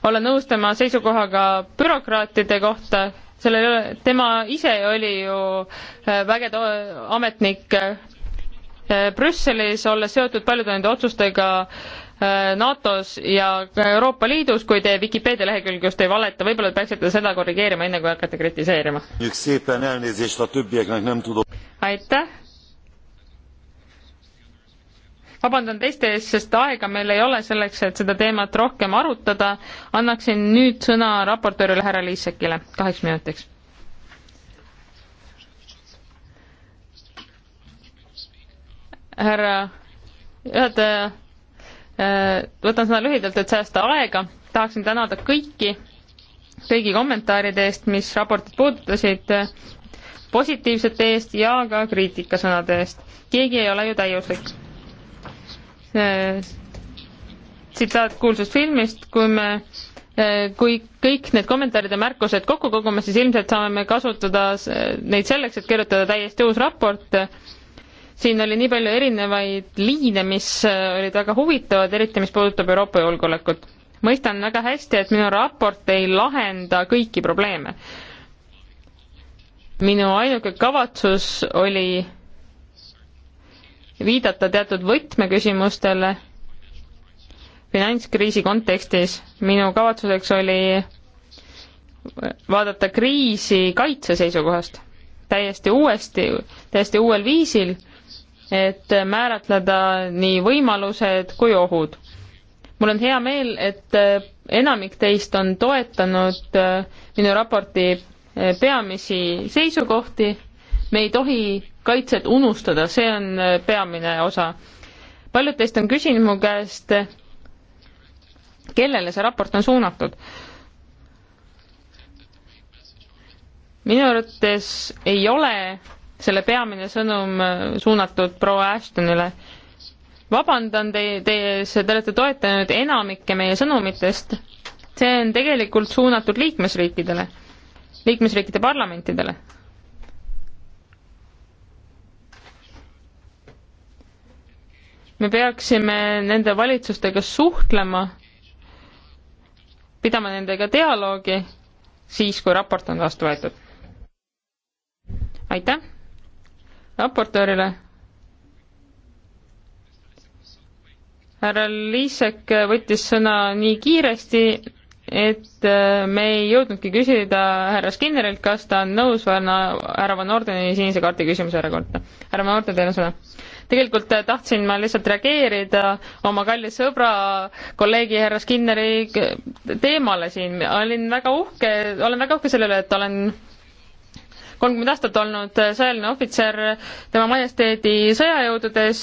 olla nõus tema seisukohaga bürokraatide kohta, sellel ei ole, tema ise oli ju äh, vägede ametnik äh, Brüsselis, olles seotud paljude nende otsustega äh, NATO-s ja ka Euroopa Liidus, kui teie Vikipeedia lehekülgest ei valeta, võib-olla te peaksite seda korrigeerima, enne kui hakkate kritiseerima. aitäh vabandan teiste ees, sest aega meil ei ole selleks, et seda teemat rohkem arutada. annaksin nüüd sõna raportöörile härra Liisekile kaheks minutiks. härra juhataja, äh, võtan sõna lühidalt, et säästa aega. tahaksin tänada kõiki, kõigi kommentaaride eest, mis raportit puudutasid positiivsete eest ja ka kriitikasõnade eest. keegi ei ole ju täiuslik tsitaat kuulsast filmist, kui me kui kõik need kommentaarid ja märkused kokku kogume, siis ilmselt saame me kasutada neid selleks, et kirjutada täiesti uus raport. siin oli nii palju erinevaid liine, mis olid väga huvitavad, eriti mis puudutab Euroopa julgeolekut. mõistan väga hästi, et minu raport ei lahenda kõiki probleeme. minu ainuke kavatsus oli viidata teatud võtmeküsimustele finantskriisi kontekstis. minu kavatsuseks oli vaadata kriisi kaitse seisukohast täiesti uuesti, täiesti uuel viisil, et määratleda nii võimalused kui ohud. mul on hea meel, et enamik teist on toetanud minu raporti peamisi seisukohti, me ei tohi kaitset unustada, see on äh, peamine osa. paljud teist on küsinud mu käest, kellele see raport on suunatud. minu arvates ei ole selle peamine sõnum äh, suunatud proua Ashtonile. vabandan teie, teie ees, te olete toetanud enamikke meie sõnumitest. see on tegelikult suunatud liikmesriikidele, liikmesriikide parlamentidele me peaksime nende valitsustega suhtlema, pidama nendega dialoogi siis, kui raport on vastu võetud. aitäh raportöörile. härra Liisek võttis sõna nii kiiresti, et äh, me ei jõudnudki küsida härra Skinnerilt, kas ta on nõus härra Van Ordeni sinise kaardi küsimuse ära korda. härra Van Orden, teil on sõna tegelikult äh, tahtsin ma lihtsalt reageerida oma kalli sõbra, kolleegi härra Skinneri äh, teemale siin. olin väga uhke, olen väga uhke selle üle, et olen kolmkümmend aastat olnud äh, sõjaline ohvitser tema majesteedi sõjajõududes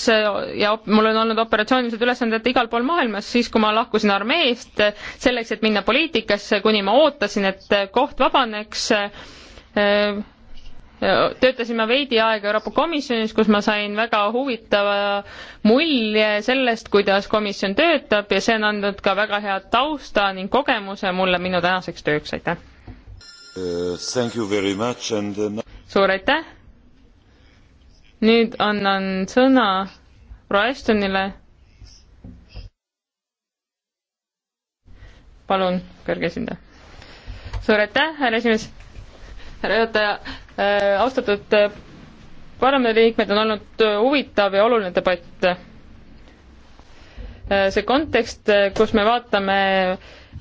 ja mul on olnud operatsioonilised ülesanded igal pool maailmas, siis kui ma lahkusin armeest selleks, et minna poliitikasse, kuni ma ootasin, et koht vabaneks äh,, töötasin ma veidi aega Euroopa Komisjonis, kus ma sain väga huvitava mulje sellest, kuidas komisjon töötab ja see on andnud ka väga hea tausta ning kogemuse mulle minu tänaseks tööks, aitäh uh,! And... Uh, suur aitäh! nüüd annan sõna Roestonile. palun, kõrge esindaja. suur aitäh, härra esimees, härra juhataja Äh, austatud äh, parlamendiliikmed, on olnud äh, huvitav ja oluline debatt. see kontekst, kus me vaatame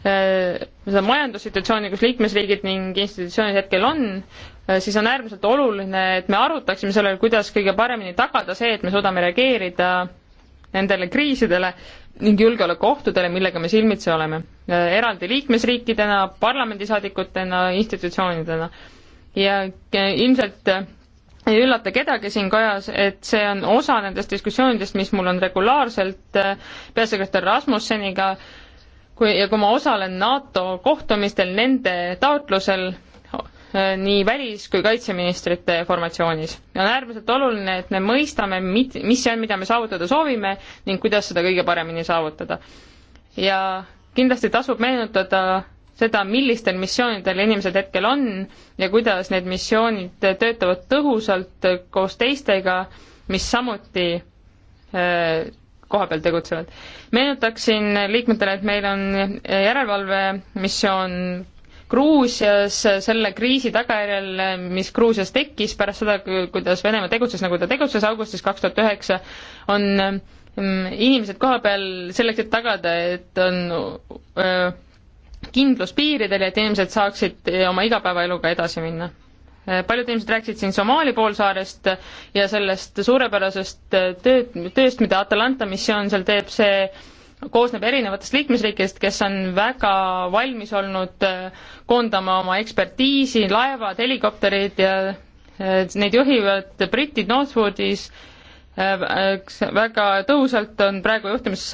seda majandussituatsiooni, kus liikmesriigid ning institutsioonid hetkel on, siis on äärmiselt oluline, et me arutaksime sellele, kuidas kõige paremini tagada see, et me suudame reageerida nendele kriisidele ning julgeolekuohtudele, millega me silmitsi oleme. eraldi liikmesriikidena, parlamendisaadikutena, institutsioonidena ja ilmselt ei üllata kedagi siin kajas, et see on osa nendest diskussioonidest, mis mul on regulaarselt äh, peasekretär Rasmusseniga, kui, ja kui ma osalen NATO kohtumistel nende taotlusel, äh, nii välis- kui kaitseministrite formatsioonis. on äärmiselt oluline, et me mõistame, mis see on, mida me saavutada soovime ning kuidas seda kõige paremini saavutada. ja kindlasti tasub meenutada seda, millistel missioonidel inimesed hetkel on ja kuidas need missioonid töötavad tõhusalt koos teistega, mis samuti äh, kohapeal tegutsevad. meenutaksin liikmetele, et meil on järelevalvemissioon Gruusias selle kriisi tagajärjel, mis Gruusias tekkis pärast seda, kuidas Venemaa tegutses, nagu ta tegutses augustis kaks tuhat üheksa, on mm, inimesed koha peal selleks, et tagada, et on öö, kindlus piiridel ja et inimesed saaksid oma igapäevaeluga edasi minna. paljud inimesed rääkisid siin Somaali poolsaarest ja sellest suurepärasest tööd, tööst, mida Atalanta missioon seal teeb, see koosneb erinevatest liikmesriikidest, kes on väga valmis olnud koondama oma ekspertiisi, laevad, helikopterid ja e, neid juhivad britid Northwoodis e, väga tõhusalt on praegu juhtimas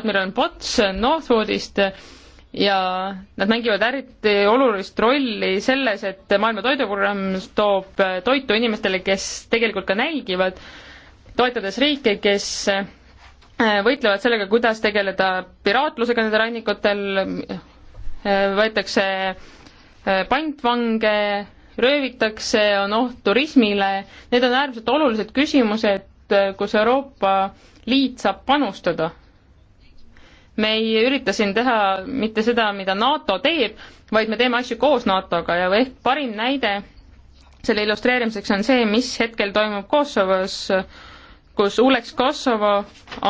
admiral Potts Northwoodist ja nad mängivad eriti olulist rolli selles, et Maailma Toiduprogramm toob toitu inimestele, kes tegelikult ka nälgivad, toetades riike, kes äh, võitlevad sellega, kuidas tegeleda piraatlusega nendel rannikutel, äh, võetakse äh, pantvange, röövitakse, on oht turismile, need on äärmiselt olulised küsimused, kus Euroopa Liit saab panustada me ei ürita siin teha mitte seda, mida NATO teeb, vaid me teeme asju koos NATO-ga ja ehk parim näide selle illustreerimiseks on see, mis hetkel toimub Kosovos, kus Ulex Kosovo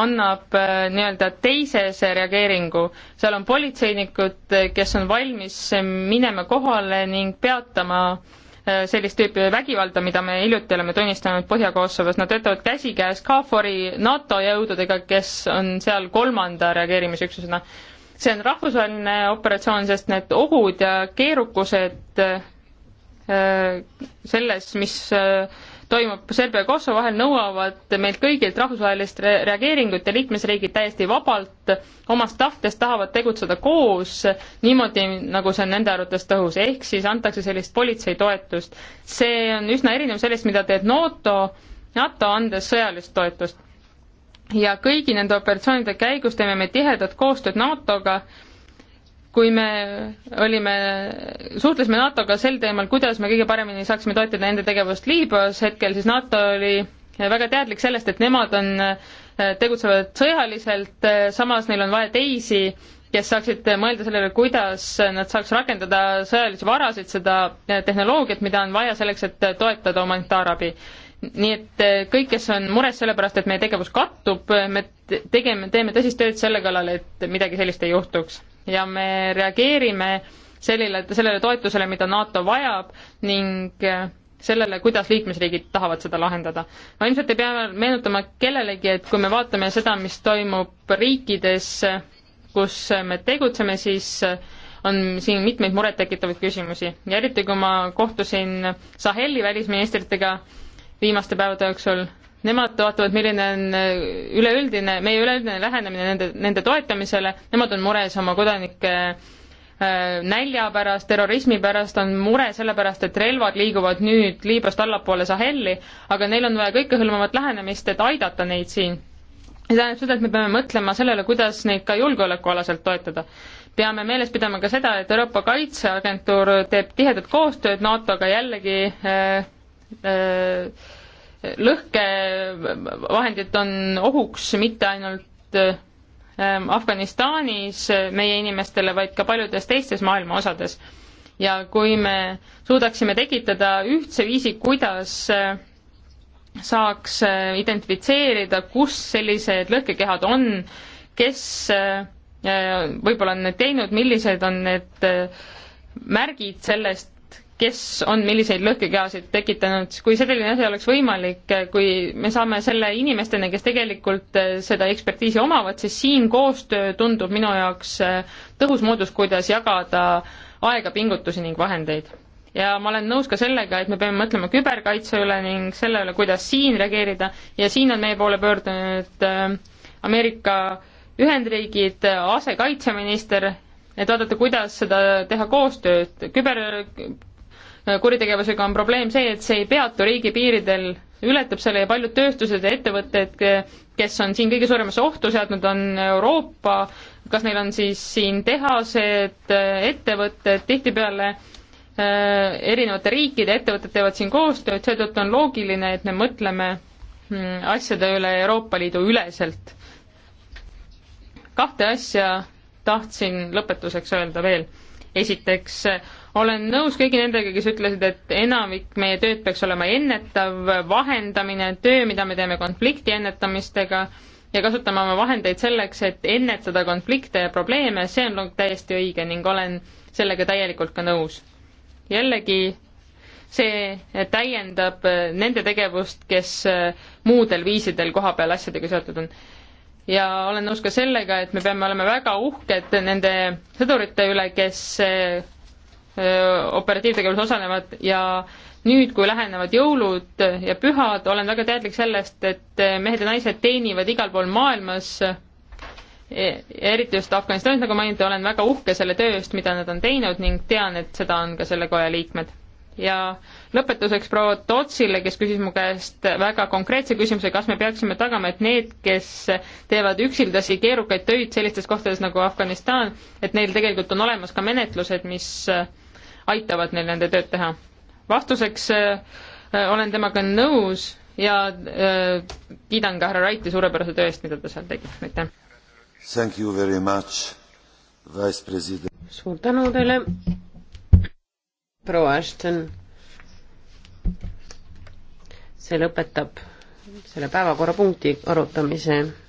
annab äh, nii-öelda teisese reageeringu. seal on politseinikud, äh, kes on valmis minema kohale ning peatama äh, Äh, sellist tüüpi vägivalda, mida me hiljuti oleme tunnistanud Põhja-Kosovos, nad töötavad käsikäes KFOR-i NATO jõududega, kes on seal kolmanda reageerimisüksusena. see on rahvusvaheline operatsioon, sest need ohud ja keerukused äh, selles, mis äh, toimub Serbia ja Kosovo vahel, nõuavad meilt kõigilt rahvusvahelist re reageeringut ja liikmesriigid täiesti vabalt omast tahtest tahavad tegutseda koos niimoodi, nagu see on nende arvates tõhus, ehk siis antakse sellist politsei toetust. see on üsna erinev sellest, mida teeb NATO, NATO andes sõjalist toetust. ja kõigi nende operatsioonide käigus teeme me tihedat koostööd NATO-ga kui me olime, suhtlesime NATO-ga sel teemal, kuidas me kõige paremini saaksime toetada nende tegevust Liibüas hetkel, siis NATO oli väga teadlik sellest, et nemad on, äh, tegutsevad sõjaliselt, äh, samas neil on vaja teisi, kes saaksid mõelda sellele, kuidas nad saaks rakendada sõjalisi varasid, seda äh, tehnoloogiat, mida on vaja selleks, et toetada humanitaarabi nii et kõik, kes on mures selle pärast, et meie tegevus kattub, me tegeme, teeme tõsist tööd selle kallal, et midagi sellist ei juhtuks ja me reageerime sellele, sellele toetusele, mida NATO vajab ning äh, sellele, kuidas liikmesriigid tahavad seda lahendada. ma ilmselt ei pea meenutama kellelegi, et kui me vaatame seda, mis toimub riikides, kus me tegutseme, siis äh, on siin mitmeid murettekitavaid küsimusi ja eriti, kui ma kohtusin Saheli välisministritega viimaste päevade jooksul, nemad vaatavad, milline on äh, üleüldine, meie üleüldine lähenemine nende, nende toetamisele, nemad on mures oma kodanike äh, nälja pärast, terrorismi pärast, on mure selle pärast, et relvad liiguvad nüüd Liibüast allapoole Saheli, aga neil on vaja kõikehõlmavat lähenemist, et aidata neid siin. see tähendab seda, et me peame mõtlema sellele, kuidas neid ka julgeolekualaselt toetada. peame meeles pidama ka seda, et Euroopa Kaitseagentuur teeb tihedat koostööd NATO-ga jällegi äh, äh, lõhkevahendid on ohuks mitte ainult ähm, Afganistanis äh, meie inimestele, vaid ka paljudes teistes maailma osades. ja kui me suudaksime tekitada ühtse viisi, kuidas äh, saaks äh, identifitseerida, kus sellised lõhkekehad on, kes võib-olla on need teinud, millised on need märgid sellest, kes on milliseid lõhkekehasid tekitanud, kui selline asi oleks võimalik, kui me saame selle inimesteni, kes tegelikult eh, seda ekspertiisi omavad, siis siin koostöö tundub minu jaoks eh, tõhus moodus, kuidas jagada aega, pingutusi ning vahendeid. ja ma olen nõus ka sellega, et me peame mõtlema küberkaitse üle ning selle üle, kuidas siin reageerida ja siin on meie poole pöördunud eh, Ameerika Ühendriigid asekaitseminister, et vaadata, kuidas seda teha koostööd, küber kuritegevusega on probleem see, et see ei peatu riigipiiridel, ületab selle ja paljud tööstused ja ettevõtted, kes on siin kõige suuremasse ohtu seadnud, on Euroopa, kas neil on siis siin tehased, ettevõtted, tihtipeale äh, erinevate riikide ettevõtted teevad siin koostööd, seetõttu on loogiline, et me mõtleme hmm, asjade üle Euroopa Liidu üleselt. kahte asja tahtsin lõpetuseks öelda veel. esiteks, olen nõus kõigi nendega, kes ütlesid, et enamik meie tööd peaks olema ennetav, vahendamine, töö, mida me teeme konflikti ennetamistega ja kasutame oma vahendeid selleks, et ennetada konflikte ja probleeme, see on täiesti õige ning olen sellega täielikult ka nõus. jällegi, see täiendab nende tegevust, kes muudel viisidel kohapeal asjadega seotud on ja olen nõus ka sellega, et me peame olema väga uhked nende sõdurite üle, kes operatiivtegevuses osalevad ja nüüd, kui lähenevad jõulud ja pühad, olen väga teadlik sellest, et mehed ja naised teenivad igal pool maailmas, e, eriti just Afganistanis, nagu mainiti, olen väga uhke selle töö eest, mida nad on teinud ning tean, et seda on ka selle koja liikmed. ja lõpetuseks proua Tootsile, kes küsis mu käest väga konkreetse küsimuse, kas me peaksime tagama, et need, kes teevad üksildasi keerukaid töid sellistes kohtades nagu Afganistan, et neil tegelikult on olemas ka menetlused, mis äh, aitavad neil nende tööd teha. vastuseks äh, äh, olen temaga nõus ja äh, kiidan ka härra Raiti suurepärase töö eest, mida ta seal tegi, aitäh! Thank you very much, Vice President. suur tänu teile, proua Ashton. see lõpetab selle päevakorrapunkti arutamise.